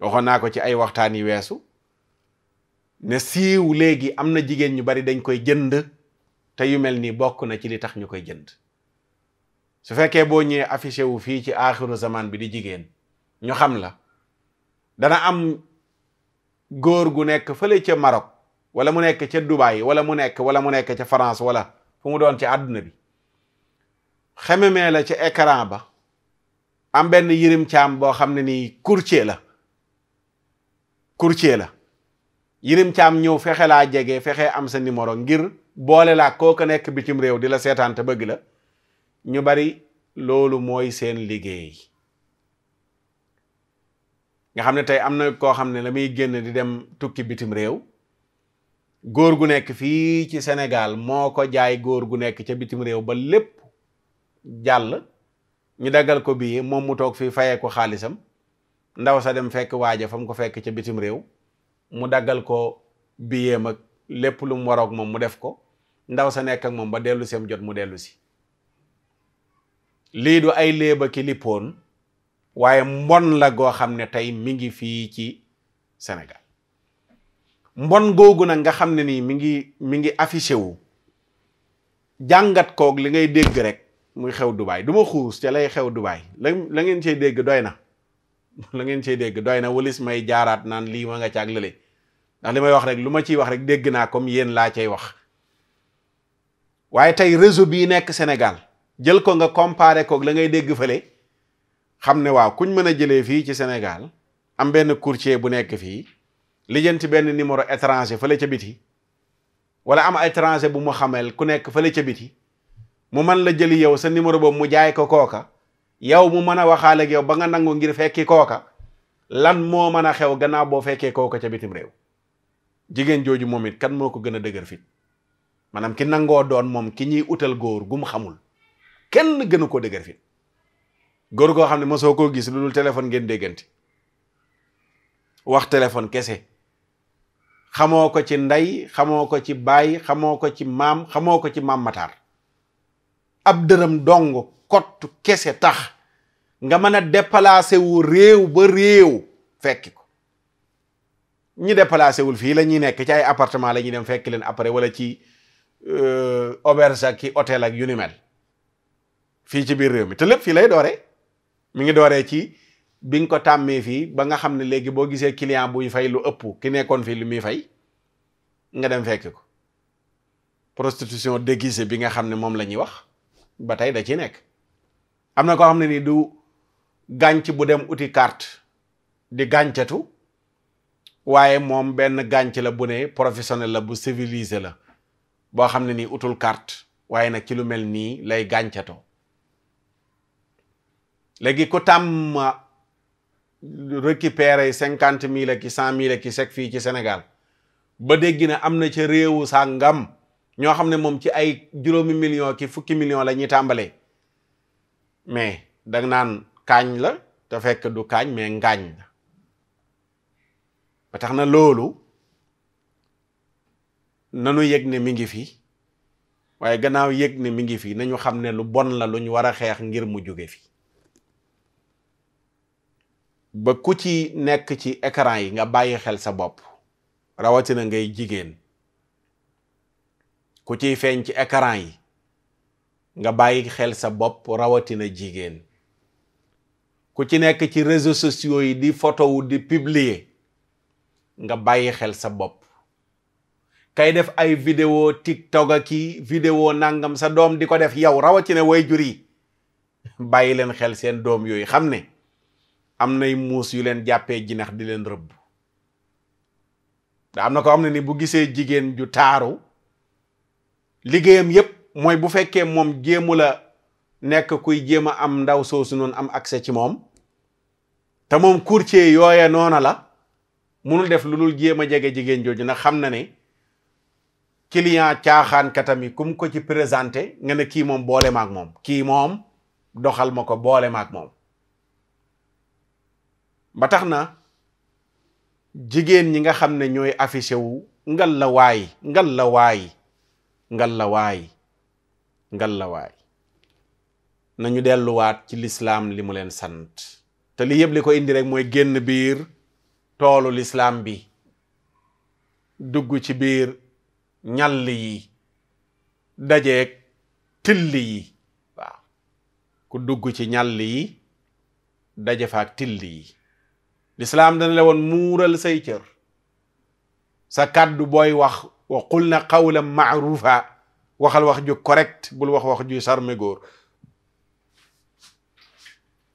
waxoon naa ko ci ay waxtaan yi weesu ne siiw léegi am na jigéen ñu bari dañ koy jënd te yu mel nii bokk na ci li tax ñu koy jënd su fekkee boo ñëwee affiché wu fii ci aaxiru zaman bi di jigéen ñu xam la dana am góor gu nekk fële ca Maroc wala mu nekk ca Dubaï wala mu nekk wala mu nekk ca France wala fu mu doon ci àdduna bi xememee la ci écran ba am benn yirim caam boo xam ne nii courtier la courtier la yirim caam ñëw fexe laa jege fexe am sa numéro ngir boole laa ko nekk bicim réew di la seetaan te bëgg la ñu bari loolu mooy seen liggéey nga xam ne tey am na koo xam ne la muy génn di dem tukki bitim réew góor gu nekk fii ci senegal moo ko jaay góor gu nekk ca bitim réew ba lépp jàll ñu daggal ko bii moom mu toog fii fayee ko xaalisam ndaw sa dem fekk waaja fa mu ko fekk ca bitim réew mu daggal ko yéem ak lépp lu mu waroog moom mu def ko ndaw sa nekk ak moom ba dellu seem jot mu dellu si lii du ay léeba ki lippoon waaye mbon la goo xam ne tey mi ngi fii ci senegal mbon googu nag nga xam ne nii mi ngi mi ngi affiché wu jàngat kook li ngay dégg rek muy xew Dubaay du ma xuus ca lay xew Dubaay la la ngeen cey dégg doy na <laughs> la ngeen cey dégg doy na walis may jaaraat naan lii ma nga caag lële ndax li may wax rek lu ma ciy wax rek dégg naa comme yéen laa cay wax waaye tey réseau bii nekk senegal jël ko nga comparé koog la ngay dégg fële xam ne waaw kuñ mën a jëlee fii ci senegal am benn courtier bu nekk fii lijjanti benn numéro étranger fële ca biti wala am étranger bu mu xamel ku nekk fële ca biti mu mën la jëli yow sa numéro boobu mu jaay ko kooka yow mu mën a waxaale ak yow ba nga nangu ngir fekki kooka lan moo mën a xew gannaaw boo fekkee kooka ca bitim réew jigéen jooju moom it kan moo ko gën a dëgër fit maanaam ki nangoo doon moom ki ñuy utal góor gu mu xamul kenn gënu koo dëgër fit góor goo xam ne mosoo koo gis lu dul téléphone ngeen wax téléphone kese xamoo ko ci ndey xamoo ko ci baay xamoo ko ci maam xamoo ko ci maam Matar ab dërëm dong kott kese tax nga mën a déplacé wu réew ba réew fekki ko ñi déplacé wul fii la ñuy nekk ci ay appartement la ñuy dem fekki leen après wala ci euh, auberge ak ki hôtel ak yu fii ci biir réew mi te lépp fii lay doore mi ngi dooree ci bi nga ko tàmmee fii ba nga xam ne léegi boo gisee client buy fay lu ëpp ki nekkoon fii lu muy fay nga dem fekk ko prostitution déguisée bi nga xam ne moom la ñuy wax ba tey da ci nekk am na koo xam ne ni du gànc bu dem uti carte di gàncatu waaye moom benn gànc la bu ne professionnel la bu civilisé la boo xam ne nii utul carte waaye nag ci lu mel nii lay gàncatoo léegi ku tàmm yi cinquante mille ki cent mille ki sec fii ci Sénégal ba dégg na am na ca réewu sàngam ñoo xam ne moom ci ay juróomi million ki fukki million la ñuy tàmbalee mais danga naan kaañ la te fekk du kaañ mais ngaañ la ba tax na loolu nanu yëg ne mi ngi fii waaye gannaaw yëg ne mi ngi fii nañu xam ne lu bon la lu ñu war a xeex ngir mu jóge fii ba ku ci nekk ci écran yi nga bàyyi xel sa bopp rawatina ngay jigéen ku ciy feeñ ci écran yi nga bàyyi xel sa bopp rawatina jigéen ku ci nekk ci réseaux sociaux yi di photowu di publier nga bàyyi xel sa bopp kay def ay vidéo tiktok ak i vidéo nangam sa doom di ko def yow rawatina way jur bàyyi leen xel seen doom yooyu xam ne am nay muus yu leen jàppee jinax di leen rëbb da am na ko am na ni bu gisee jigéen ju taaru liggéeyam yépp mooy bu fekkee moom jéemu la nekk kuy jéem a am ndaw soosu noon am accès ci moom te moom courtier yooya noona la munul def lu dul jéem a jege jigéen jooju nag xam na ne client caaxaan katami kum ko ci présenté nga ne kii moom boole maak moom kii moom doxal ma ko boole maak moom ba tax na jigéen ñi nga xam ne ñooy affiché wu ngal la waay ngal la waay ngal la nañu delluwaat ci lislaam li mu leen sant te li yëpp li ko indi rek mooy génn biir toolu lislaam bi dugg ci biir ñàll yi dajeeg till yi waaw ku dugg ci ñal yi daje faak till yi lislaam dana la muural say cër sa kàddu booy wax wa qul na maarufa waxal wax ju correct bul wax wax ju sarme góor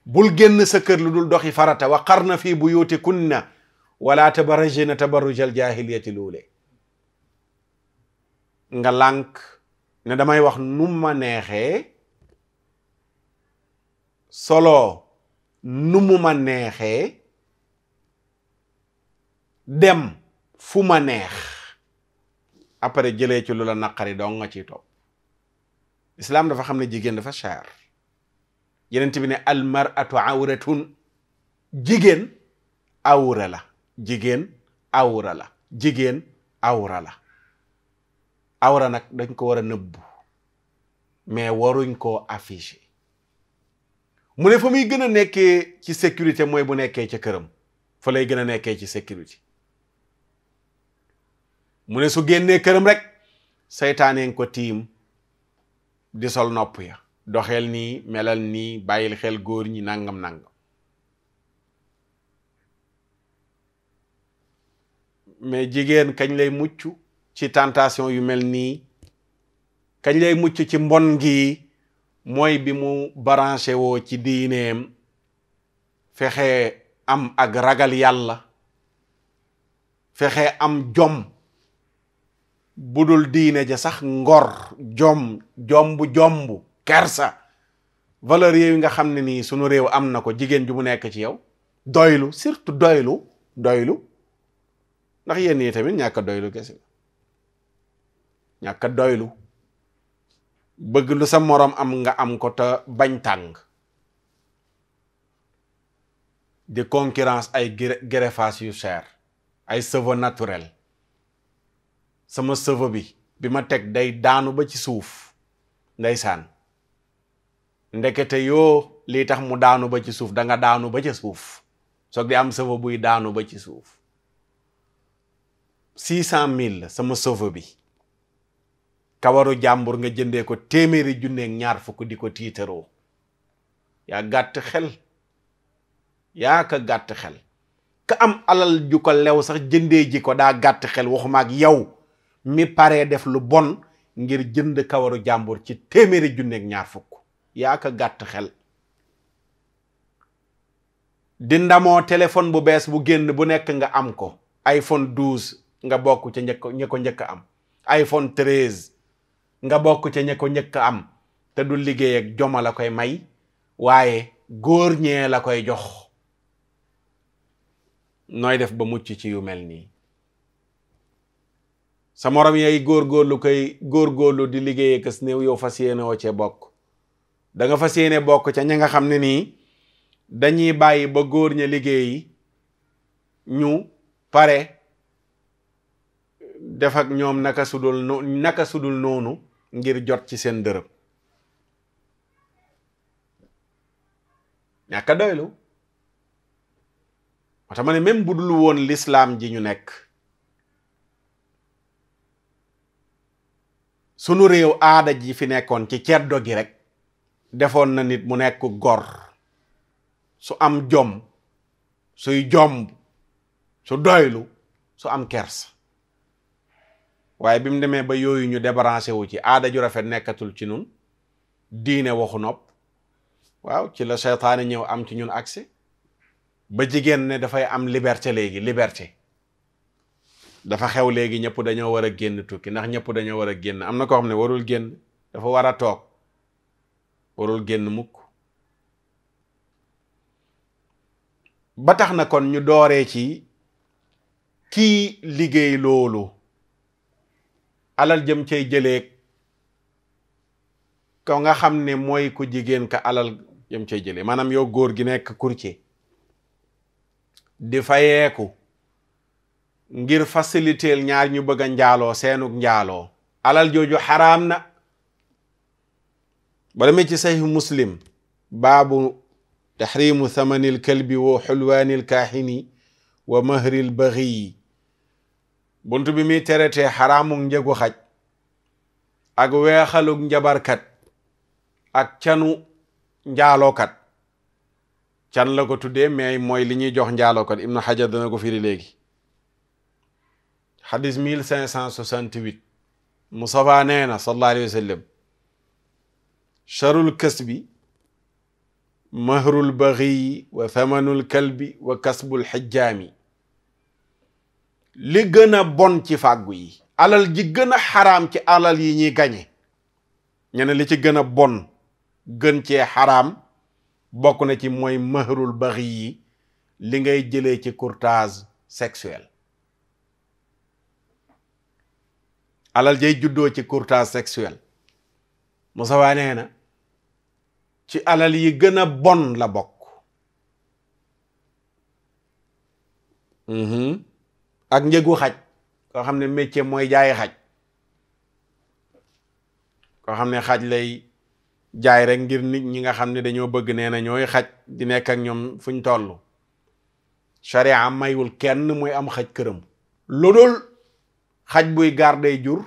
bul génn sa kër lu dul doxi farata wa qarna fi buyutikunna wala tabarrajna tabarrujal ti luule nga lànk ne damay wax nu ma solo nu mu ma neexee dem fu ma neex après jëlee ci lu la naqari dong nga ciy topp islaam dafa xam ne jigéen dafa cher yenent bi ne a awratun jigéen awra la jigéen awra la jigéen awra la awra nag dañ ko war a nëbbu mais waruñ koo affiché mu ne fa muy gën a nekkee ci sécurité mooy bu nekkee ca këram fa lay gën a nekkee ci sécurité mu ne su génnee këram rek seytaane nga ko tiim di sol nopp ya doxeel nii melal nii bàyyil xel góor ñi nàngam nangam mais jigéen kañ lay mucc ci tentation yu mel nii kañ lay mucc ci mbon gi mooy bi mu branché woo ci diineem fexe am ak ragal yàlla fexe am jom bu dul diine ja sax ngor jom jomb jombu kersa valeur yooyu nga xam ne nii sunu réew am na ko jigéen ju mu nekk ci yow doylu surtout doylu doylu ndax yéen yi tamit ñàkk doylu kese ñàkk doylu bëgg lu sa morom am nga am ko te bañ tàng di concurrence ay greffage yu cher ay cheveux naturel sama sëfa bi bi ma teg day daanu ba ci suuf ndeysaan ndekete yoo lii tax mu daanu ba ci suuf da nga daanu ba ci suuf soog di am sëfa buy daanu ba ci suuf six cent mille la sama sëfa bi kawaru jàmbur nga jëndee ko téeméeri junneeg ñaar fukk di ko tiitaroo yaa gàtt xel yaa ka gàtt xel ka am alal ju ko lew sax jëndee ji ko daa gàtt xel waxuma ak yow mi paree def lu bon ngir jënd kawaru jàmbur ci téeméeri junneeg ñaar fukk yaa ko gàtt xel di ndamoo téléphone bu bees bu génn bu nekk nga am ko iPhone 12 nga bokk ca ñëkk ña njëkk am iPhone nga bokk ca ña ko njëkk am te du liggéey ak joma la koy may waaye góor ñee la koy jox nooy def ba mucc ci yu mel nii sa moroom morom góor góorgóorlu koy góorlu di liggéeyee kës néew yow fas yéene woo cee bokk danga nga fas yéene bokk ca ña nga xam ne nii dañuy bàyyi ba góor ña liggéeyi ñu pare def ak ñoom naka sudul noonu ngir jot ci seen dërëm ñàkk doylu wata ma ne même bu dul woon lislaam ji ñu nekk sunu réew aada ji fi nekkoon ci ceddo gi rek defoon na nit mu nekk gor su am jom suy jomb su doylu su am kers waaye bi mu demee ba yooyu ñu débranché wu ci aada ju rafet nekkatul ci nun diine waxu nopp waaw ci la seetaane ñëw am ci ñun accès ba jigéen ne dafay am liberté léegi liberté dafa xew léegi ñëpp dañoo war a génn tukki ndax ñëpp dañoo war a génn am na koo xam ne warul génn dafa war a toog warul génn mukk ba tax na kon ñu dooree ci kii liggéey loolu alal jëm cay jëleek ko nga xam ne mooy ku jigéen ka alal jëm cay jëlee maanaam yow góor gi nekk courtier di fayeeku ngir faciliteel ñaar ñu bëgg a njaaloo seenug njaaloo alal jooju xaraam na ba demee ci saxiix muslim baabu taxrimu thamanil kalbi wa xulwaanil kaaxini wa mahril baxiyi bunt bi muy teretee xaraamug njëgu xaj ak weexalug njabarkat ak canu njaalookat can la ko tuddee mais mooy li ñuy jox im na xajar dana ko firi léegi xadis 1568 Mustafa nee na sallallahu alayhi wa sallam charul kasbi mahrul baxiyi wa thamanul kalbi wa kasbul xijjaami li gën a bon ci fàggu yi alal ji gën a xaraam ci alal yi ñuy gañe ñu ne li ci gën a bon gën cee xaram bokk na ci mooy mahrul yi li ngay jëlee ci courtage sexuel alal jay juddoo ci courtage sexuel Moustapha nee na ci alal yi gën a bon la bokk mhm. ak njëgu xaj koo xam ne métier mooy jaay xaj koo xam ne xaj lay jaay rek ngir nit ñi nga xam ne dañoo bëgg nee na ñooy xaj di nekk ak ñoom fuñ toll charia mayul kenn muy am xaj këram lu dul xaj buy gaar jur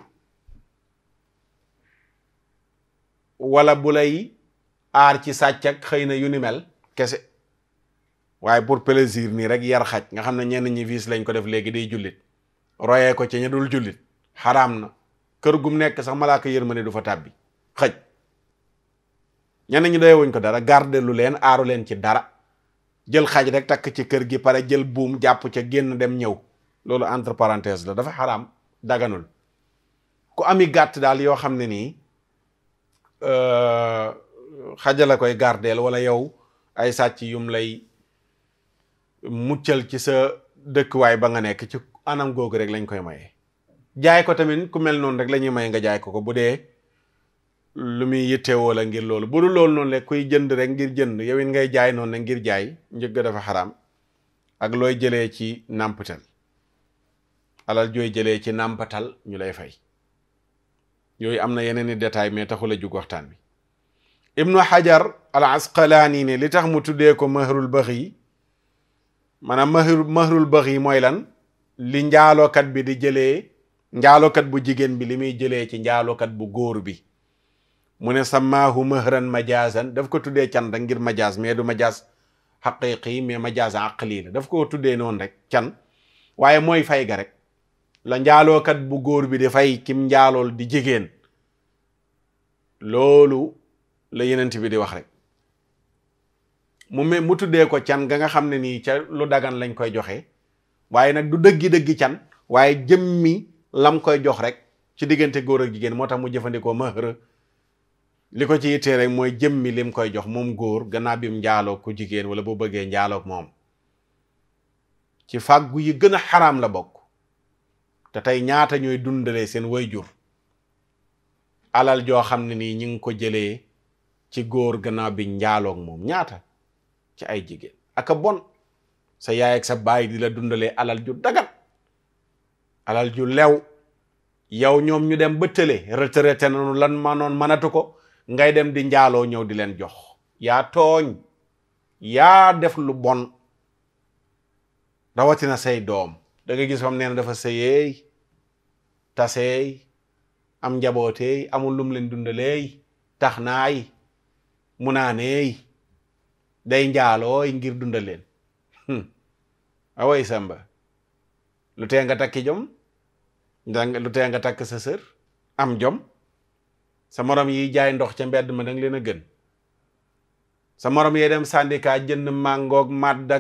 wala bu lay aar ci sàcc xëy na yu ni mel kese waaye pour plaisir nii rek yar xaj nga xam ne ñenn ñi viis lañ ko def léegi day jullit royee ko ci ña dul jullit xaraam na kër gum nekk sax malaaka yërmande du fa tàbbi xaj ñenn ñi doyewuñ ko dara garde lu leen aaru leen ci dara jël xaj rek takk ci kër gi pare jël buum jàpp ca génn dem ñëw loolu entre parenthèse la dafa xaram daganul ku ami gàtt daal yoo xam ne nii euh, xajala koy gardeel wala yow ay sàcc yum lay muccal ci sa dëkkuwaay ba nga nekk ci anam googu rek lañ koy maye. jaay ko tamit ku mel noonu rek la ñuy maye nga jaay ko ko bu dee lu muy yittewoo la ngir loolu bu dul loolu noonu rek kuy jënd rek ngir jënd yow it ngay jaay noonu rek ngir jaay njëgg dafa xaraam ak looy jëlee ci nàmputal alal jooy jëlee ci nàmpatal ñu lay fay yooyu am na yeneen i détail mais taxul jug waxtaan bi ibnu xajar al asqalaani ne li tax mu tuddee ko mahrul baxi maanaam mahr mahrul baxi mooy lan li njaalokat bi di jëlee njaalokat bu jigéen bi li muy jëlee ci njaalokat bu góor bi mu ne samaahu mahran majaasan daf ko tuddee can rek ngir majaas mais du majaas xaqiqi mais majaas aqli la daf ko tuddee noonu rek can waaye mooy fay ga rek la njaaloo kat bu góor bi di fay kim njaalool di jigéen loolu la yenent bi di wax rek mu me mu tuddee ko can ga nga xam ne nii ca lu dagan lañ koy joxe waaye nag du dëggi-dëggi can waaye jëmmi lam koy jox rek ci diggante góor ak jigéen moo tax mu jëfandikoo mahër li ko ci yittee rek mooy jëmmi lim koy jox moom góor gannaaw bi mu njaaloog jigéen wala bu bëggee njaaloog moom ci fàggu yi gën a xaraam la bokk te tey ñaata ñooy dundalee seen jur alal joo xam ne nii ñi ngi ko jëlee ci góor gannaaw bi njaaloog moom ñaata ci ay jigéen aka bon sa yaay ak sa baay di la dundalee alal ju dagan alal ju lew yow ñoom ñu dem ba tële retraité nanu lan ma noon mënatu ko ngay dem di njaaloo ñëw di leen jox yaa tooñ yaa def lu bon rawatina say doom da nga gis fam nee na dafa sëyeey taseey am njabooteey amul lum leen dundaleey tax naay mu naaneey day njaalooy ngir dundaleen hmm. awoy samba lu tee nga takki jom lu tee nga takk sa sër am jom sa morom yi jaay ndox ca mbedd ma danga leen a gën sa morom yee dem syndicat jënd màngoog màdd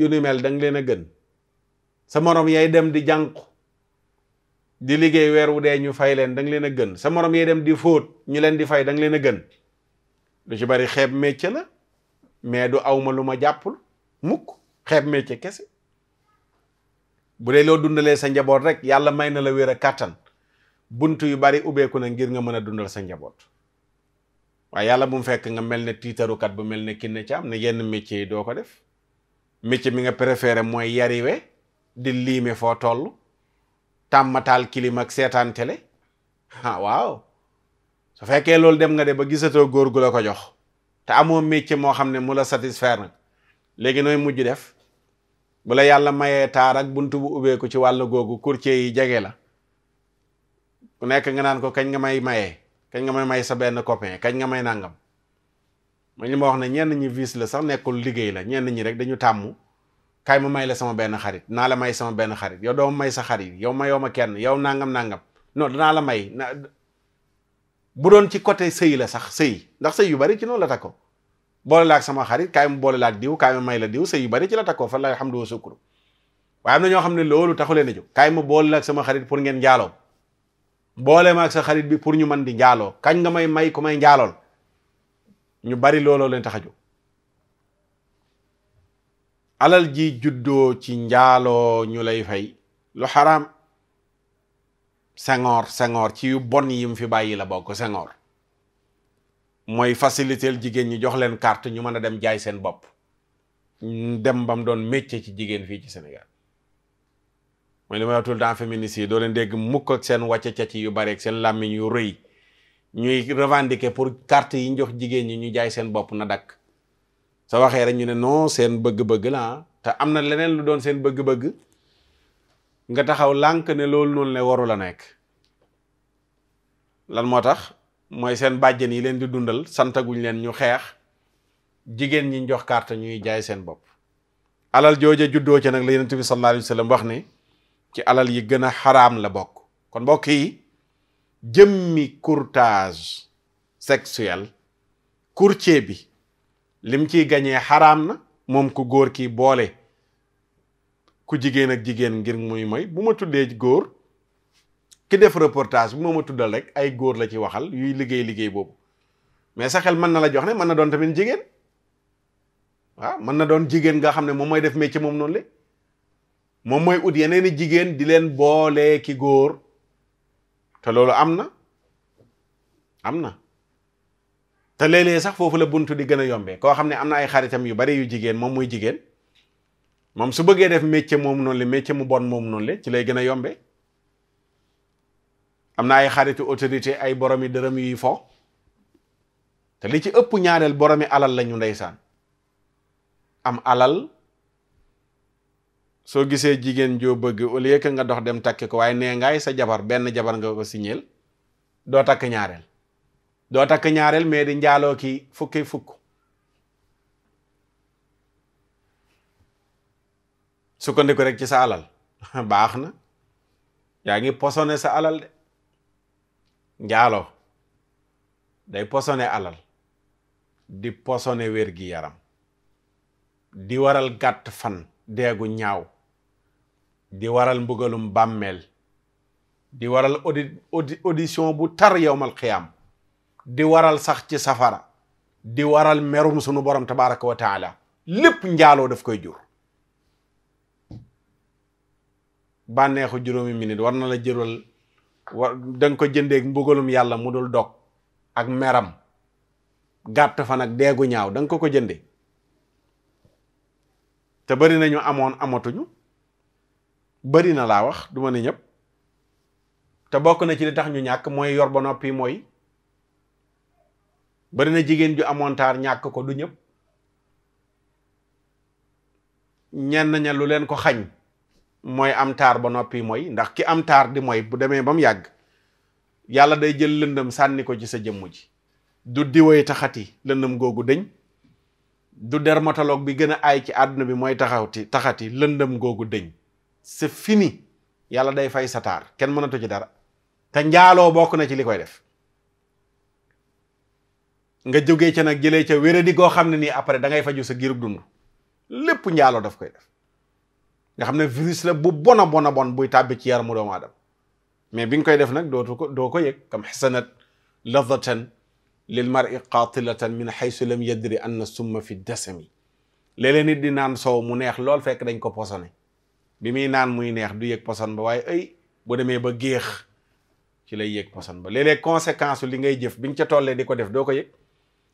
yu ni mel da nga leen a gën sa morom yay dem di jànq di liggéey weer wu dee ñu fay leen dang leen a gën sa morom yay dem di fóot ñu leen di fay dang leen a gën lu ci bari xeeb métier la mais du awma lu ma jàppul mukk xeeb métier kese bu dee loo dundalee sa njaboot rek yàlla may na la wér a kàttan bunt yu bari ubbeeku na ngir nga mën a dundal sa njaboot waaye yàlla bu mu fekk nga mel ne tiitarukat bu mel ne kinne ci am ne yenn métier yi doo ko def métier mi nga préféré mooy yariwe di liime foo toll tàmmataal kilimaak seetaan télé ah waaw su fekkee loolu dem nga de ba gisatoo góor gu la ko jox te amoo métier moo xam ne mu la satisfaire nag léegi nooy mujj def bu la yàlla mayee taar ak buntu bu ubbeeku ci wàll googu courtier yi jege la ku nekk nga naan ko kañ nga may mayee kañ nga may may sa benn copain kañ nga may nangam ma ñu ma wax ne ñenn ñi vice la sax nekkul liggéey la ñenn ñi rek dañu tàmm kaay ma may la sama benn xarit naa la may sama benn xarit yow doo ma may sa xarit yow mayoo ma kenn yow nangam nangam non danaa la may na bu doon ci côté sëy la sax sëy ndax sëy yu bari ci noonu la takko boole la ak sama xarit kaay mu boole la ak diw kaay ma may la diw sëy yu bari ci la takkoo fa la alhamdu wa sukru waaye am na ñoo xam ne loolu taxu leen a kaay ma boole la ak sama xarit pour ngeen njaaloo boole ma ak sa xarit bi pour ñu mën di njaaloo kañ nga may may ku may njaalool ñu bari looloo leen tax a alal ji juddoo ci njaaloo ñu lay fay lu xaraam sengoor sengoor ci yu bon yim fi bàyyi la bokk sengoor mooy faciliter jigéen ñi jox leen kart ñu mën a dem jaay seen bopp dem bam doon métier ci jigéen fii ci senegal mooy li may wax tout le temps féministes yi doo leen dégg mukk ak seen wàcce ca ci yu bari seen làmmiñ yu rëy ñuy revendiquer pour carte yi ñu jox jigéen ñi ñu jaay seen bopp na dakk sa waxee rek ñu ne noo seen bëgg-bëgg naa ah. te am na leneen lu doon seen bëgg-bëgg nga taxaw lànk ne loolu noonu la waru la nekk lan moo tax mooy seen bàjjen yi leen di dundal santaguñ leen ñu xeex jigéen ñi jox carte ñuy jaay seen bopp alal jooja juddoo ca nag la Yonent bi sallallahu alayhi wa sallam wax ni ci alal yi gën a xaraam la bokk kon mbokk jëmmi courtage sexuel courtier bi lim ciy gañee xaraam na moom ku góor ki boole ku jigéen ak jigéen ngir muy moy bu ma tuddee góor ki def reportage bi moo ma tuddal rek ay góor la ci waxal yuy liggéey liggéey boobu mais sa xel mën na la jox ne mën na doon tamit jigéen waaw mën na doon jigéen nga xam ne moom mooy def métier moom noonu la moom mooy ut yeneen i jigéen di leen boolee ki góor te loolu am na am na te léeg-léeg sax foofu la buntu di gën a yombee koo xam ne am na ay xaritam yu bari yu jigéen moom muy jigéen moom su bëggee def métier moomu noonu la métier mu bon moomu noonu la ci lay gën a yombee am na ay xaritu autorité ay boromi dërëm yuy fo te li ci ëpp ñaareel boromi alal lañu ñu ndeysaan am alal soo gisee jigéen joo bëgg au lieu que nga dox dem takki ko waaye nee ngaay sa jabar benn jabar nga ko signeel doo takk ñaareel doo takk ñaareel mais di njaaloo ki fukki fukk sukkandiku rek ci sa alal <laughs> baax na yaa ngi posone sa alal de njaaloo day posone alal di posone wér gi yaram di waral gàtt fan deegu ñaaw di waral mbugalum bàmmeel di waral audi audition bu tar yowmal xiyaam di waral sax ci safara di waral merum sunu borom tabaraka wa lépp njaaloo daf koy jur bànneexu juróomi minute war na la jëral war da ko jëndeeg mbugalum yàlla mu dul dog ak meram gàtt fan ak deegu ñaaw da ko ko jënde te bari nañu amoon amatuñu bari na laa wax du ma ne ñëpp te bokk na ci li tax ñu ñàkk mooy yor ba noppi mooy bari na jigéen ju amoon taar ñàkk ko du ñëpp ñenn ña lu leen ko xañ mooy am taar ba noppi mooy ndax ki am taar di mooy bu demee ba mu yàgg yàlla day jël lëndëm sànni ko ci sa jëmm ji du diwoy taxati lëndëm googu dëñ du dermatologue bi gën a ay ci àdduna bi mooy taxawti taxati lëndëm googu dëñ c'est fini yàlla day fay sa taar kenn mënatu ci dara te njaaloo bokk na ci li koy def nga jógee ca nag jëlee ca wéradi goo xam ne nii après da ngay faju sa giirug dund lépp njaaloo daf koy def nga xam ne virus la bu bon a bon buy tàbbi ci yaramu doomu aadama mais bi nga koy def nag dootu ko doo ko yëg kam xasanat ladatan lil mar'i qatilatan min xaysu lam yadri anna summa fi dasami léeg-léeg nit di naan soow mu neex lool fekk dañ ko posone bi muy naan muy neex du yëg poson ba waaye ay bu demee ba géex ci lay yëg poson ba léeg-léeg conséquence li ngay jëf bi nga ca tollee di ko def doo ko yëg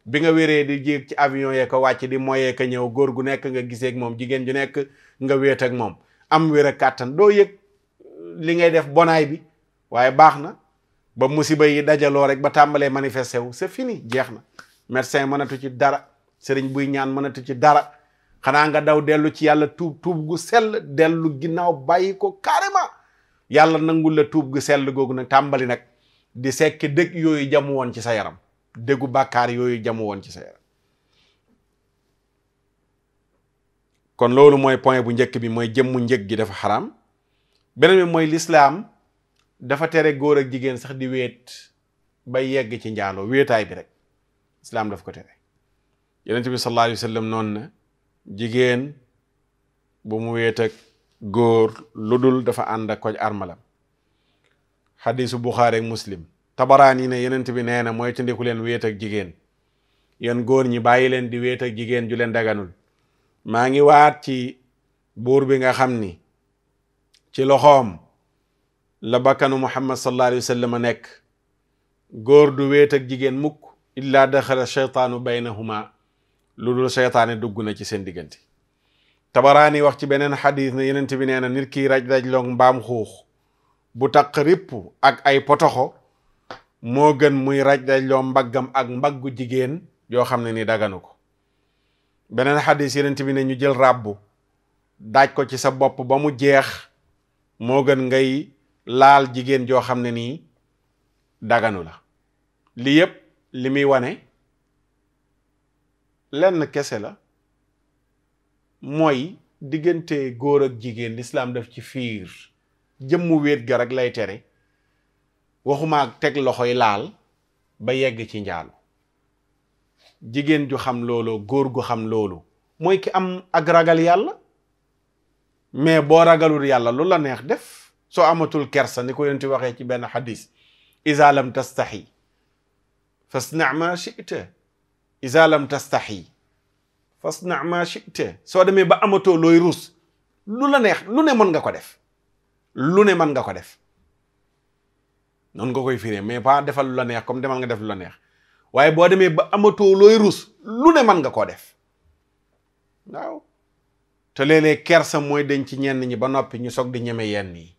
bi nga wéree di jéeg ci avion yee ko wàcc di moyee ko ñëw góor gu nekk nga gisee moom jigéen ju nekk nga wéet moom am wér ak kàttan doo yëg li ngay def bonaay bi waaye baax na ba musiba yi dajaloo rek ba tàmbalee manifesté wu c'est fini jeex na médecin mënatu ci dara sëriñ buy ñaan mënatu ci dara xanaa nga daw dellu ci yàlla tuub tuub gu sell dellu ginnaaw bàyyi ko carrément yàlla nangu la tuub gu sell googu nag tàmbali nag di sekk dëgg yooyu jamu woon ci sa yaram dëggu bàkkaar yooyu jamu woon ci sa yaram kon loolu mooy point bu njëkk bi mooy jëmmu njëg gi dafa xaram beneen bi mooy lislaam dafa tere góor ak jigéen sax di weet ba yegg ci njaaloo wéetaay bi rek lislaam daf ko tere yonent bi sallallahu alayhi wa sallam na jigéen bu mu wéet ak lu dul dafa ànd ak koj armalam xadisu buxaari ak muslim tabaraan yi ne yenent bi nee na mooy ci leen wéet ak jigéen yéen góor ñi bàyyi leen di wéet jigéen ju leen daganul maa ngi waat ci buur bi nga xam ni ci loxoom la bakkanu muhammad sallallahu alayhi wa sallam nekk góor du wéet jigéen mukk illa daxala cheytaanu baynahuma lu dul seytaane dugg na ci seen diggante tabaraani wax ci beneen xadis na yenent bi nee na nit kiy raj-raj look mbaam xuux bu taq ripp ak ay potoxo moo gën muy raj-raj loo mbaggam ak mbaggu jigéen yoo xam ne nii daganu ko beneen xadis yenent bi ne ñu jël ràbbu daaj ko ci sa bopp ba mu jeex moo gën ngay laal jigéen joo xam ne nii daganu la lii yépp li muy wane lenn kese la mooy diggante góor ak jigéen lislaam def ci fiir jëmmu wéet ga rek lay tere waxuma ak teg loxoy laal ba yegg ci njaalu jigéen ju xam loolu góor gu xam loolu mooy ki am ak ragal yàlla mais boo ragalul yàlla lu la neex def soo amatul kersa ni ko yonti waxee ci benn xadis isa lam tastaxi fasna ma chita isa lam tastaxi fasna ma chite soo demee ba amatoo looy ruus lu la neex lu ne mën nga ko def lu ne mën nga ko def noonu nga koy firee mais pas defal lu la neex comme demal nga def lu la neex waaye boo demee ba amatoo looy ruus lu ne man nga koo def waaw te léeg kersa mooy dañ ci ñenn ñi ba noppi ñu soog di ñeme yenn yi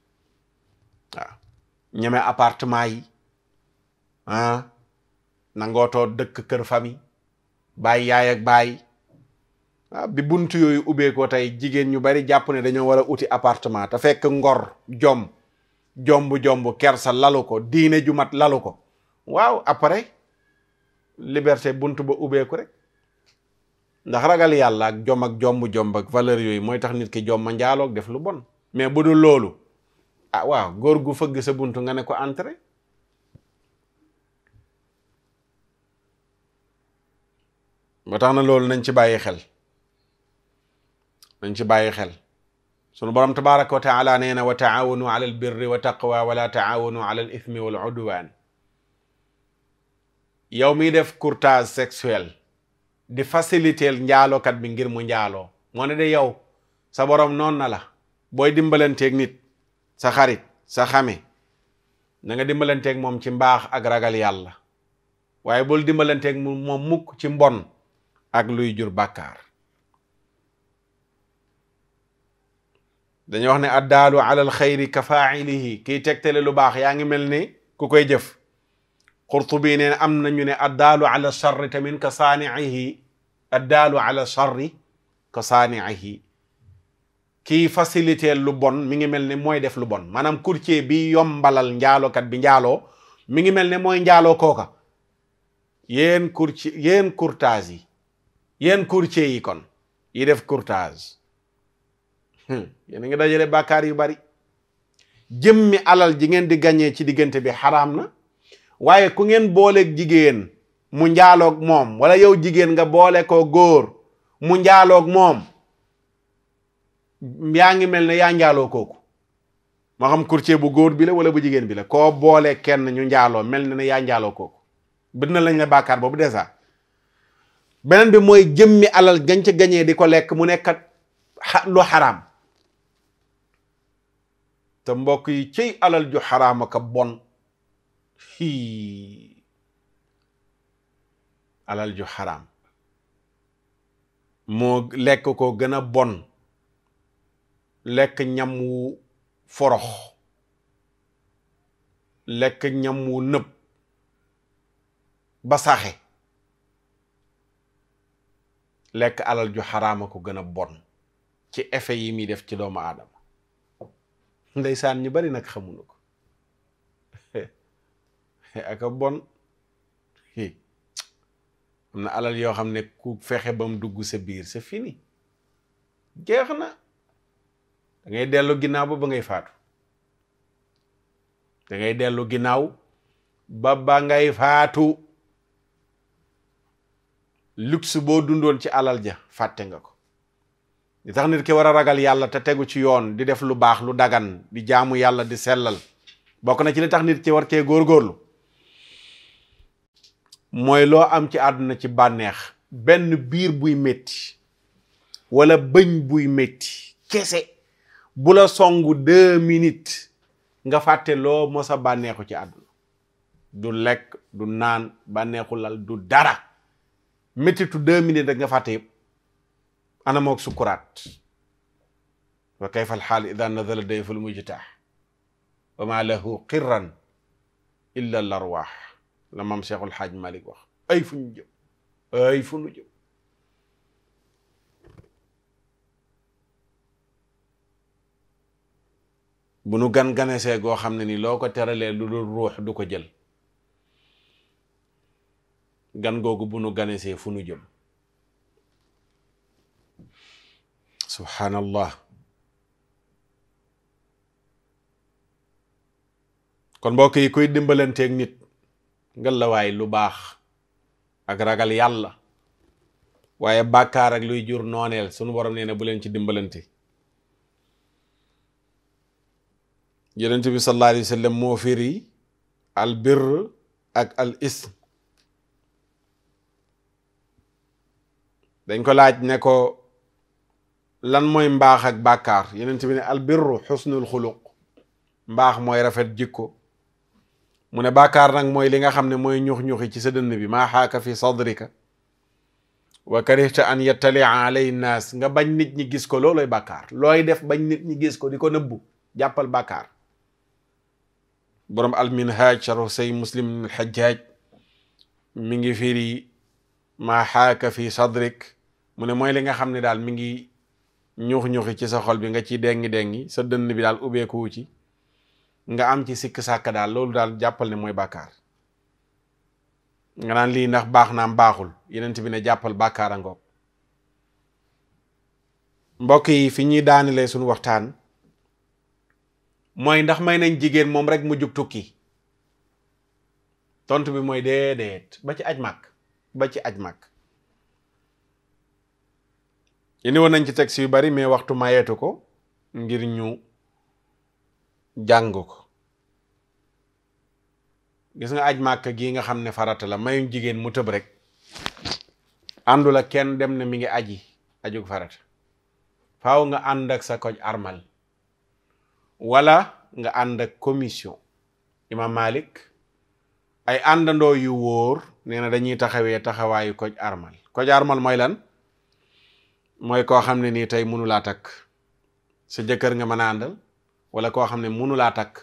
waaw ñeme appartement yi ah nangootoo dëkk kër famille bàyyi yaay ak bàyyi ah, bi bunt yooyu ubbeekoo tey jigéen ñu bari jàpp ne dañoo war a uti appartement te fekk ngor jom jomb-jomb kersa lalu ko diine ju mat lalu ko waaw après liberté bunt ba ubbeeku rek ndax ragal yàlla ak jom ak jomb-jomb ak valeur yooyu mooy tax nit ki jomma njaaloog def lu bon mais bu du loolu ah waaw góor gu fëgg sa bunt nga ne ko entré ba tax na loolu nañ ci bàyyi xel nañ ci bàyyi xel sunu borom tabaraka wa taala nee na wa taawanu ala al birri wa taqwa wala taawanu ala al ithmi wal udwan yow miy def courtage sexuel di faciliter njaalokat bi ngir mu njaaloo moo ne de yow sa borom noonu na la booy dimbalanteeg nit sa xarit sa xame na nga dimbalanteeg moom ci mbaax ak ragal waaye bul dimbalanteeg moom mukk ci mbon ak luy jur bakkar dañuy wax ne addaalu ala alxayri ka failihi kiy tegtale lu baax yaa ngi mel ni ku koy jëf Qurtubi nee am na ñu ne addaalu ala charri tamit ka saaniihi addaalu ala charri lu bon mi ngi mel ni mooy def lu bon maanaam courtier bi yombalal njaalokat bi njaaloo mi ngi mel ni mooy njaaloo kooka yéen courtier yi yéen courtier yi kon yi def courtage hmm, yéen a ngi dajale bàkkaar yu bari jëmmi alal ji ngeen di gañee ci diggante bi xaraam na waaye ku ngeen booleeg jigéen mu njaaloog moom wala yow jigéen nga boole ko góor mu njaaloog moom yaa ngi mel ne yaa njaaloo kooku moo xam courtier bu góor bi la wala bu jigéen bi la koo boole kenn ñu njaaloo mel na ne yaa njaaloo kooku bind na lañ la bàkkaar boobu dèjà beneen bi mooy jëmmi alal gañ ca gañee di ko lekk mu nekkat lu xaram te mbokk yi ciy alal ju xaraam ak bon hii alal ju xaram moo lekk ko gën a bon lekk ñam wu forox lekk ñam wu nëb ba saxe lekk alal ju xaraama ko gën a bon ci effet yi muy def ci doomu aadama ndeysaan ñu bari nag xamuñu ko <laughs> aka bon am na alal yoo xam ne ku fexe ba mu dugg sa biir sa fini jeex na da dellu ginnaaw ba ba ngay faatu dangay dellu ginnaaw ba ba ngay faatu luxe boo dundoon ci alal ja fàtte nga ko li tax nit ki war a ragal yàlla ta tegu ci yoon di def lu baax lu dagan di jaamu yàlla di sellal bokk na ci li tax nit ki war cee góorgóorlu mooy loo am ci àdduna ci bànneex benn biir buy métti wala bëñ buy metti kese bu la songu deux minutes nga fàtte loo mos a bànneexu ci àdduna du lekk du naan bànneexu lal du dara métitu deux minutes rek nga fàtte yëpp ana moog sukkuraat wa kayfa alxaal ida nazala dayful mujtah wa ma lahu qirran illa arwaax la maam Cheikhul Xaaj Malik wax ay fu ñu ay fu ñu bu nu gan-ganesee goo xam ne ni loo ko teralee lu dul ruux du ko jël gan googu bu nu ganesee fu nu jëm subhaanallah kon mbokk yi kuy dimbalanteeg nit ngal lu baax ak ragal yàlla waaye bàkkaar ak luy jur nooneel sunu borom nee na bu leen ci dimbalante yonent bi sallallahu alayhi wa sallam moo firi al ak al dañ ko laaj ne ko lan mooy mbaax ak bàkkaar yenent bi ne albirru xusnul xuluq mbaax mooy rafet jikko mu ne bàkkaar nag mooy li nga xam ne mooy ñux-ñuxi ci sa dënn bi maa xaaka fi sadrika wa karihta an yattalia nga bañ nit ñi gis ko looloy bàkkaar looy def bañ nit ñi gis ko di ko nëbbu jàppal bàkkaar boroom alminhaaj say muslim al hajjaaj mi ngi firi maa xaaka fi sadrik mu ne mooy li nga xam ne daal mi ngi ñuux ñuuxi ci sa xol bi nga ciy dengi dengi sa dënn bi daal ubbeekuwu ci nga am ci sikk sàkk daal loolu daal jàppal ne mooy bàkkaar nga naan lii ndax baax naam baaxul yenent bi ne jàppal bàkkaar a ngoog mbokk yi fi ñuy daanilee suñu waxtaan mooy ndax may nañ jigéen moom rek mu jug tukki tontu bi mooy déedéet ba ci aj màkk ba ci aj màkk indi woon nañ ci texte yu bari mais waxtu mayeetu ko ngir ñu jàng ko gis nga aj màkk gii nga xam ne farata la mayuñ jigéen mu tëb rek àndul ak kenn dem na mi ngi aji ajug farata faw nga ànd sa koj armal wala nga ànd ak commission imam Malik ay àndandoo yu wóor nee na dañuy taxawee taxawaayu koj armal koj armal mooy lan mooy koo xam ne nii tey mënulaa takk sa jëkkër nga mën a àndal wala koo xam ne munu laa takk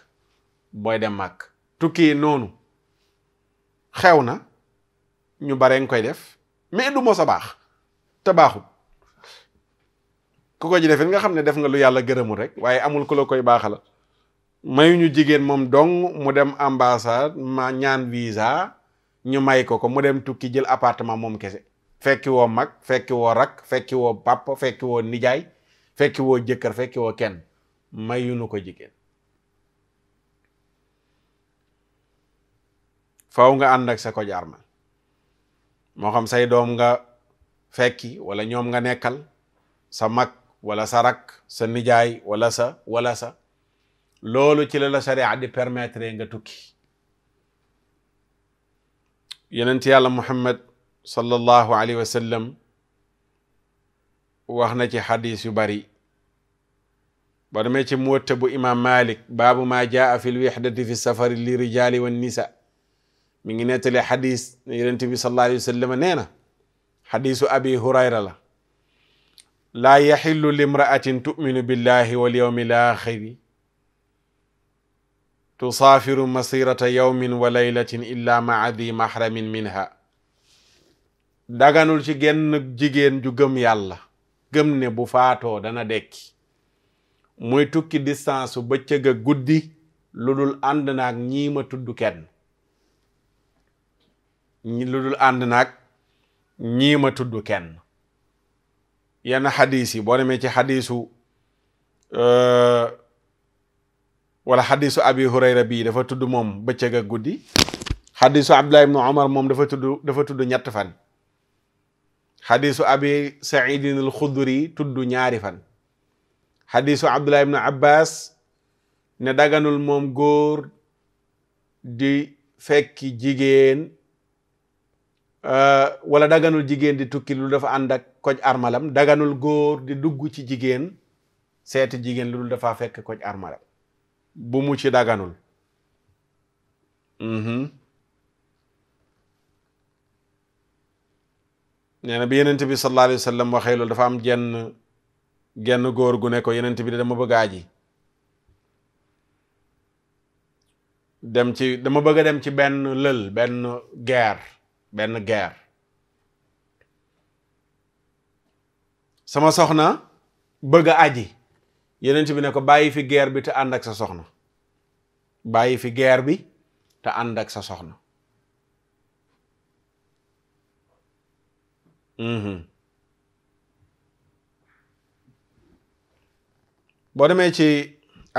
booy dem màkk tukki yi noonu xew na ñu baree nga koy def mais du mos a baax te baaxul ku ko ji defee nga xam ne def nga lu yàlla gërëmul rek waaye amul ku la koy baaxala mayuñu jigéen moom dong mu dem ambassade ma ñaan visa ñu may ko ko mu dem tukki jël appartement moom kese fekki woo mag fekki woo rak fekki woo papa fekki woo nijaay fekki woo jëkkër fekki woo kenn mayuñu ko jigéen faw nga ànd sa ko jaar moo xam say doom nga fekki walla ñoom nga nekkal sa mag walla sa rakk sa nijaay walla sa walla sa loolu ci la la sariya di permettre nga tukki yeneen ci yàlla Muhammad sallallahu alayhi wa sallam wax na ci xadis yu bari ba demee ci muwatta bu imam malik baabu ma jaa fi lwixdati fi safari li rijali wa nisa ngi nettali xadis ne yonent bi sallallahu alayhi wa sallam abi hurayra la laa yaxillu limraatin tuminu billahi wal yawmi laaxiri tusaafiru masirata yawmin wa laylatin illa maa di mahramin minha daganul ci genn jigéen ju gëm yàlla gëm ne bu faatoo dana dekki muy tukki distance su bëccëg a guddi lu dul ànd naag ñii ma kenn lu dul ànd naag ñii ma tudd kenn yenn xadis yi boo demee ci xadisu euh, wala xadisu abi hurayra bii dafa tudd moom bëccëg ak guddi xadisu abdullah ibnu omar moom dafa tudd dafa tudd ñett fan xadisu abi saidin al xudri tudd ñaari fan xadisu abdullah ibnu abbas ne daganul moom góor di fekki jigéen euh, wala daganul jigéen di tukki lu dafa ànd koj armalam daganul góor di dugg ci jigéen seeti jigéen lu dafa fekk koj armalam bu ci daganul mm-hmm. nee na bi yenent bi sallallahu alayhi wa sallam waxee loolu dafa am genn genn góor gu ne ko yenent bi dama bëgg aji dem ci dama bëgg a dem ci benn lël benn guerre benn guerre sama soxna bëgg a aji yenent bi ne ko bàyyi fi guerre bi te ànd ak sa soxna bàyyi fi guerre bi te ànd ak sa soxna Mm-hmm. boo demee ci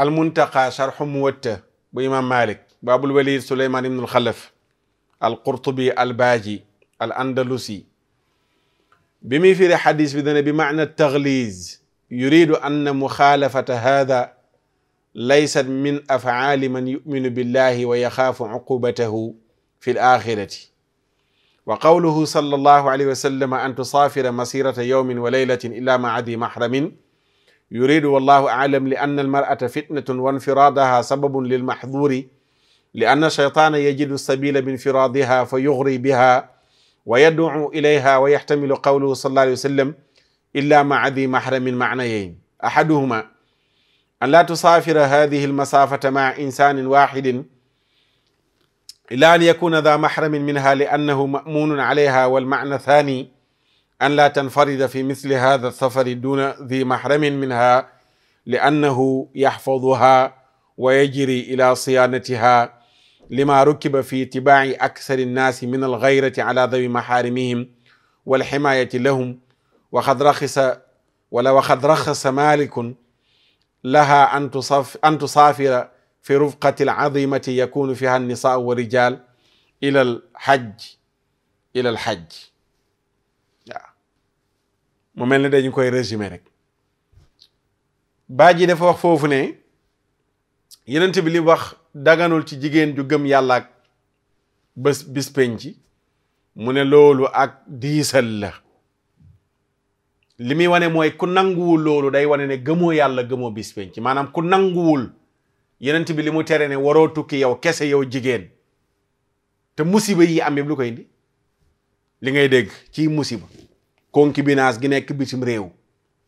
almuntaqa sharxu muwatta bu imam malik babul walid suleyman ibnul xalaf al qurtubi al baaji al andalusi bi muy firi xadis bi dana bi maana tagliz yuridu anna muxaalafata hada laysat min afaali man yuminu billahi wa yaxaafu uqubatahu fi l axirati wa qawluhu sallallahu alayhi wa sallam an tusaafira masirata yawmin wa laylatin illa ma adi mahramin yuridu wallahu alam li anna almar'ata fitnatun wa infiradaha sababun lilmahduri li anna shaytaana yajidu sabila binfiradiha fa yughri biha wa yad'u ilayha wa yahtamilu qawluhu sallallahu alayhi wa sallam illa ma adi mahramin ma'nayayn ahaduhuma an la tusaafira hadihi almasafata ma'a insanin wahidin ila an yakuna da mahramin minha li annahu mamunun alayha walmaana thani an la tanfarida fi misli hada safari duna di mahramin minha li annahu yaxfaduha wa yajri ila siyanatiha lima rukiba fi itibaaci aksari nnaasi min algayrati ala dawi maxaarimihim walximaayati lahum waxad raxisa wala waxad raxasa malikun laha an tusaf an tusaafira fi rufqati alazimati yakunu fiha nisaau wa rijal ila al ila al mu mel ni dañu koy résumé rek baa ji dafa wax foofu ne yenent bi li wax daganul ci jigéen ju gëm yàlla ak bés bis mu ne loolu ak diisal la li muy wane mooy ku nanguwul loolu day wane ne gëmoo yàlla gëmoo bispenci penc maanaam ku nanguwul yenent bi li mu tere ne waroo tukki yow kese yow jigéen te musiba yi am yëpp lu koy indi li ngay dégg ci musiba concubinage gi nekk bitim réew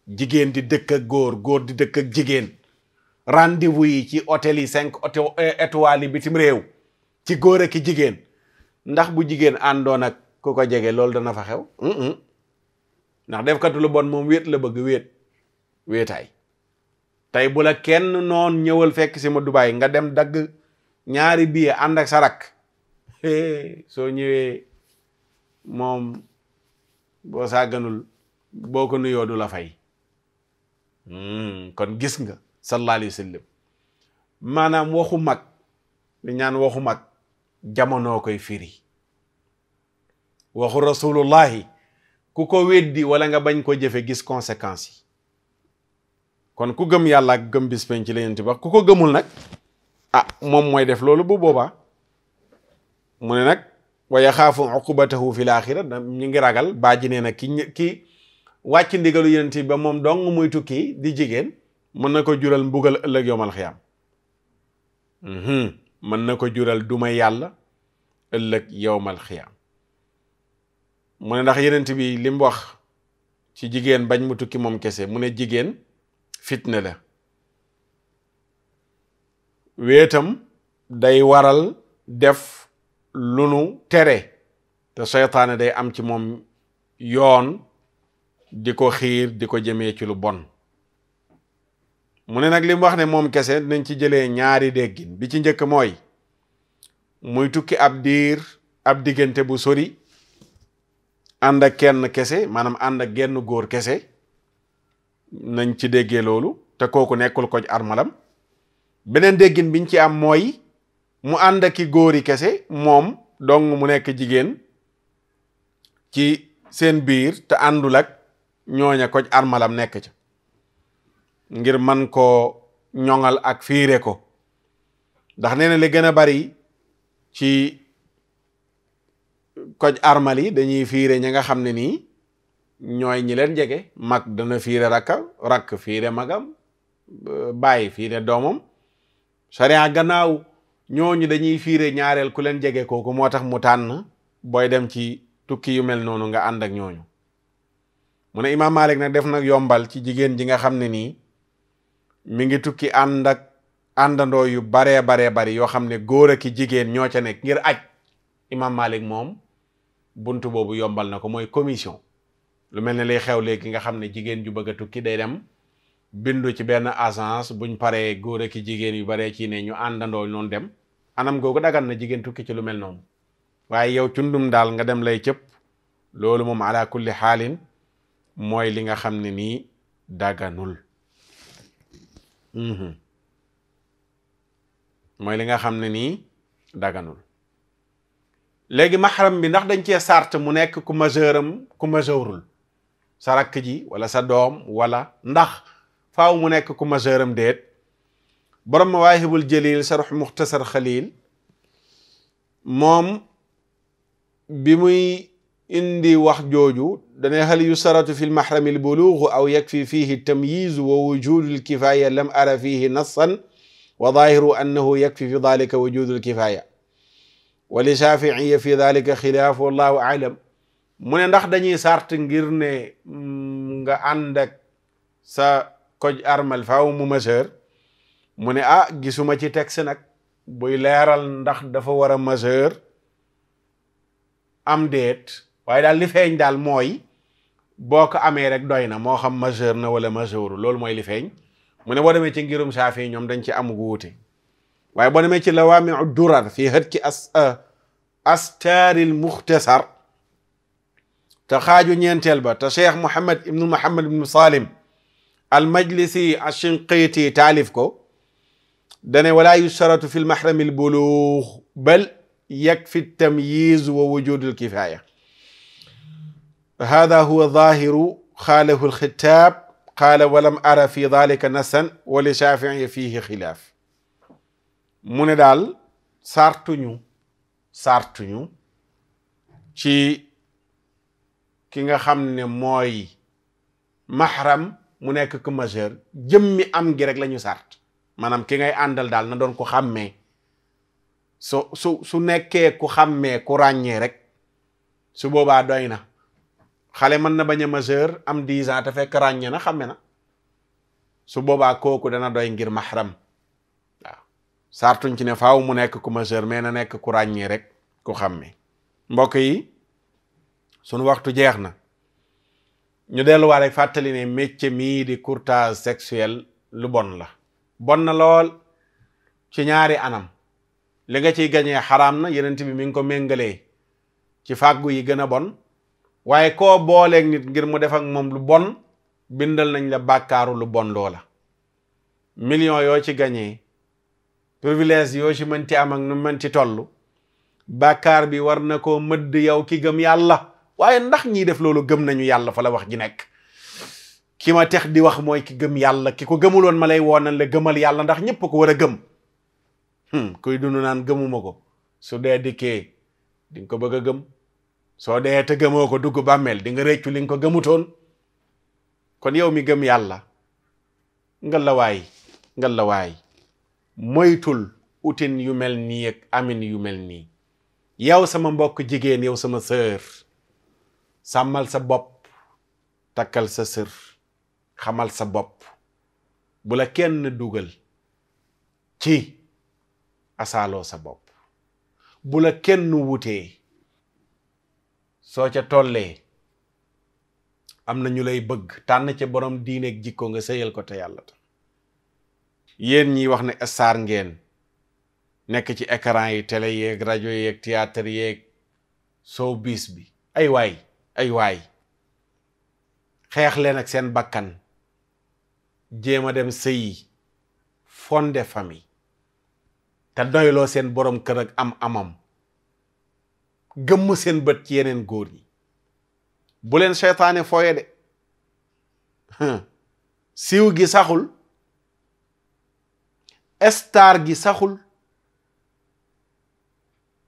jigéen di dëkk góor góor di dëkk ak jigéen rendez-vous yi ci hôtel yi cinq eh, étoiles bitim réew ci góor ak jigéen ndax bu jigéen àndoon ak ku ko jege loolu dana fa xew ndax defkatu lu bon moom wéet la bëgg wéet wéetaay tey bu la kenn noon ñëwal fekk si ma Dubaay nga dem dagg ñaari billet ànd ak sarak rakk <laughs> soo ñëwee moom boo sàgganul boo ko nuyoo du la fay hmm, kon gis nga sallallahu alayhi wa maanaam waxu mag li ñaan waxu mag jamonoo koy firi waxu rasulullahi ku ko weddi wala nga bañ ko jëfe gis conséquences yi kon ku gëm yàlla gëm bis penc ci la yonent bi wax ku ko gëmul nag a ah, moom mooy def loolu bu boobaa mu ne nag wa yaxaafu uqubatahu fil axira ñu ngi ragal baaji nee na ki ki wàcc ndigalu yonent bi ba moom dong muy tukki di jigéen mën na ko jural mbugal ëllëg yowmal xiyaam mhm, mën na ko jural duma yàlla ëllëg yowmal xiyaam mu ne ndax yonent bi li wax ci jigéen bañ mu tukki moom kese mu ne jigéen fitne la wéetam day waral def lu nu tere te seytaane day am ci moom yoon di ko xiir di ko jëmee ci lu bon mu ne nag li wax ne moom kese nañ ci jëlee ñaari déggin bi ci njëkk mooy muy tukki ab diir ab diggante bu sori ànd ak kenn kese maanaam ànd ak genn góor kese nañ ci déggee loolu te kooku nekkul koj armalam beneen déggin biñ ci am mooy mu ànd ak i góori kese moom dong mu nekk jigéen ci seen biir te àndul ak ñooña koj armalam nekk ca ngir man koo ñoŋal ak fiire ko ndax nee na li gën a bari ci koj armali dañuy fiire ña nga xam ne nii ñooy ñi leen jege mag dana fiire rakka rakk fiire magam bàyyi fiire doomam sariya gannaaw ñooñu dañuy fiire ñaareel ku leen jege kooku moo tax mu tànn booy dem ci tukki yu mel noonu nga ànd ak ñooñu mu ne imaam Malik nag def nag yombal ci jigéen ji nga xam ne nii mi ngi tukki ànd ak àndandoo yu baree baree bari yoo xam ne góor ak ki jigéen ñoo ca nekk ngir aj imaam Malik moom buntu boobu yombal na ko mooy commission lu mel ni liy xew léegi nga xam ne jigéen ju bëgg a tukki day dem bindu ci benn agence buñ paree góor ak jigéen yu bare ci ne ñu àndandoo noon dem anam googu dagan na jigéen tukki ci lu mel noonu waaye yow cundum daal nga dem lay cëp loolu moom ala kulli xaalin mooy li nga xam ne nii daganul mhm. mooy li nga xam ne nii daganul léegi maxaram bi ndax dañ cee sart mu nekk ku majeuram ku majeurul sa rakk ji wala sa doom wala ndax faaw mu nekk ku majeuram déet borom mawaahibul jalil sarx muxtasar xalil moom bi muy indi wax jooju dane hal yusaratu fi lmahrami lbulugu aw yakfi fihi tamyizu wa wujudu lkifaya lam ara fihi nassan wa daahiru annahu yakfi fi dalika wujudu lkifaya wa li shafiiya fi dalika xilaaf wallahu alam mu ne ndax dañuy sart ngir ne mm, nga ànd sa koj armal faaw mu majeur mu ne a ah, gisuma ci si nag buy leeral ndax dafa war a majeur am déet waaye daal li feeñ daal mooy boo ko amee rek doy na moo xam majeur na wala majeuru loolu mooy li feeñ mu ne boo demee ci ngirum saafi ñoom dañ ci am gu wuute waaye boo demee ci lawaamiu durar fii hët ki ah, astaaril muxtasar te xaaju ñeenteel ba te cheikh Mouhamed ibnu Mouhamed ibnu Salim al majlisi ashinqiiti taalif ko dane walaa yusharatu fi lmahrami lbuluux bal yakfi tamyiz wa wujudu lkifaaya hada huwa zahiru xaalahu lxitaab qaala walam ara fi dalika nasan wa li shafii fihi xilaaf mu ne daal sartuñu sartuñu ci ki nga xam ne mooy mahram mu nekk ku majeur jëmmi am gi rek la ñu sart maanaam ki ngay àndal daal na doon ko xàmmee su su su nekkee ku xàmmee ku ràññee rek su boobaa doy na xale mën na bañ a am dix ans te fekk ràññee na xàmme na su boobaa kooku dana doy ngir mahram waaw sartuñ ci ne faw mu nekk ku majeur mais na nekk ku ràññee rek ku xàmmee mbokk yi sunu waxtu jeex na ñu delluwaat rek fàttali ne métier mii di courtage sexuel lu bon la bon na lool ci ñaari anam li nga ciy gañe xaraam na yenent bi mi ngi ko méngalee ci fàggu yi gën a bon waaye ko booleeg nit ngir mu def ak moom lu bon bindal nañ la bàkkaaru lu bon loola million yoo ci gañee privilège yoo ci mënti am ak nu mënti toll bàkkaar bi war na koo mëdd yow ki gëm yàlla waaye ndax ñiy def loolu gëm nañu yàlla fa la wax ji nekk ki ma tex di wax mooy ki gëm yàlla ki ko gëmuloon ma lay woonan le gëmal yàlla ndax ñëpp ko war a gëm hmm, kuy dund naan gëmuma ko su dee dikkee di ko bëgg a gëm soo dee te gëmoo ko dugg bàmmeel di nga réccu li nga ko gëmutoon kon yow mi gëm yàlla nga la waay nga la waay moytul utin yu mel nii ak amin yu mel nii yow sama mbokk jigéen yow sama sœur sàmmal sa bopp takkal sa sër xamal sa bopp bu la kenn dugal ci asaaloo sa bopp bu la kenn wutee soo ca tollee am na ñu lay bëgg tànn ca borom diineeg jikko nga sëyal ko te yàlla ta yéen ñiy wax ne star ngeen nekk ci écran yi télé yeeg rajo yeeg théâtre soo biis bi ay waay ay waay xeex ak seen bakkan jéem a dem sëyi fonde famille te doyloo seen borom kër ak am amam gëmm seen bët ci yeneen góor ñi buleen leen seytaane fooye de siiw gi saxul star gi saxul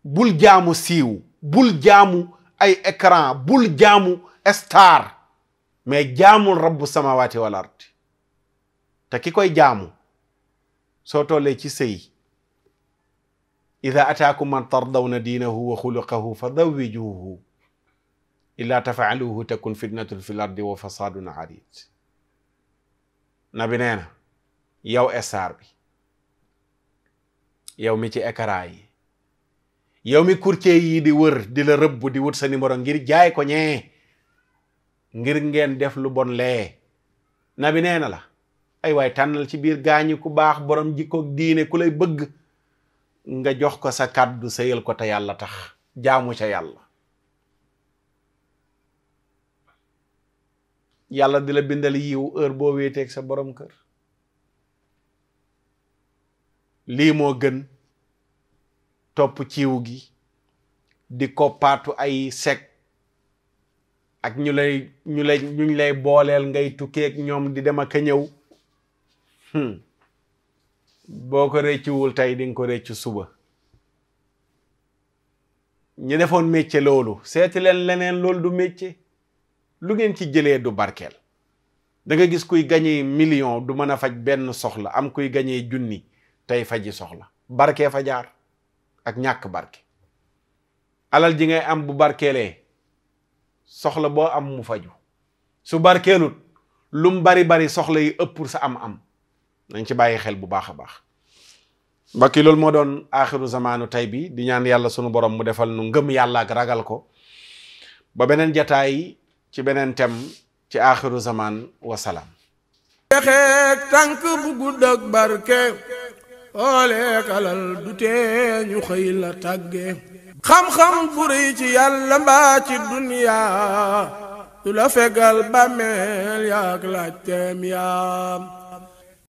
bul jaamu siiw bul jaamu ay écran bul jaamu star mais jaamul rabbu samawati wal ard te ki koy jaamu soo tollee ci sëy ida ataakum man tardawna diina wa xuluqahu fa zawwijuhu illa tafaaluhu takun fitnatun fi l ardi wa fasadun arid nabi nee na yow star bi yow mi ci écran yi yow mi courtier yi di wër di la rëbb di wut sa nimoro ngir jaay ko ñee ngir ngeen def lu bon lee na nee na la ay waay tànnal ci biir gaañi ku baax borom jikkoog diine ku lay bëgg nga jox ko sa kàddu sëyal ko te yàlla tax jaamu ca yàlla yàlla di la bindal yiw heure boo wéeteeg sa borom kër lii moo gën topp ciw gi di koppaatu ay sek ak ñu lay ñu lay ñu lay booleel ngay tukkeek ñoom di dem ak ñëw hmm. boo ko réccuwul tey di nga ko réccu suba ñu defoon métier loolu seeti leen leneen loolu du métier lu ngeen ci jëlee du barkeel danga gis kuy gañee million du mën a faj benn soxla am kuy gañee junni tey faji soxla barkee fajaar ak ñàkk barke alal ji ngay am bu barkeelee soxla boo am mu faju su barkeelut lum bari bari soxla yi ëpp sa am-am nañ ci bàyyi xel bu baax a baax mbokk yi loolu moo doon aaxiru zamaanu tey bi di ñaan yàlla sunu borom mu defal nu ngëm yàlla ak ragal ko ba beneen jataay ci beneen tem ci aaxiru zamaan wasalaam. texeeg tànk bu gudd ak barke. ooleekalal du tee ñu xëy la tàgge xam-xam bu rëy ci yàlla mbaa ci duniyaa du la fegal bàmmeel yaak laaj teem yaam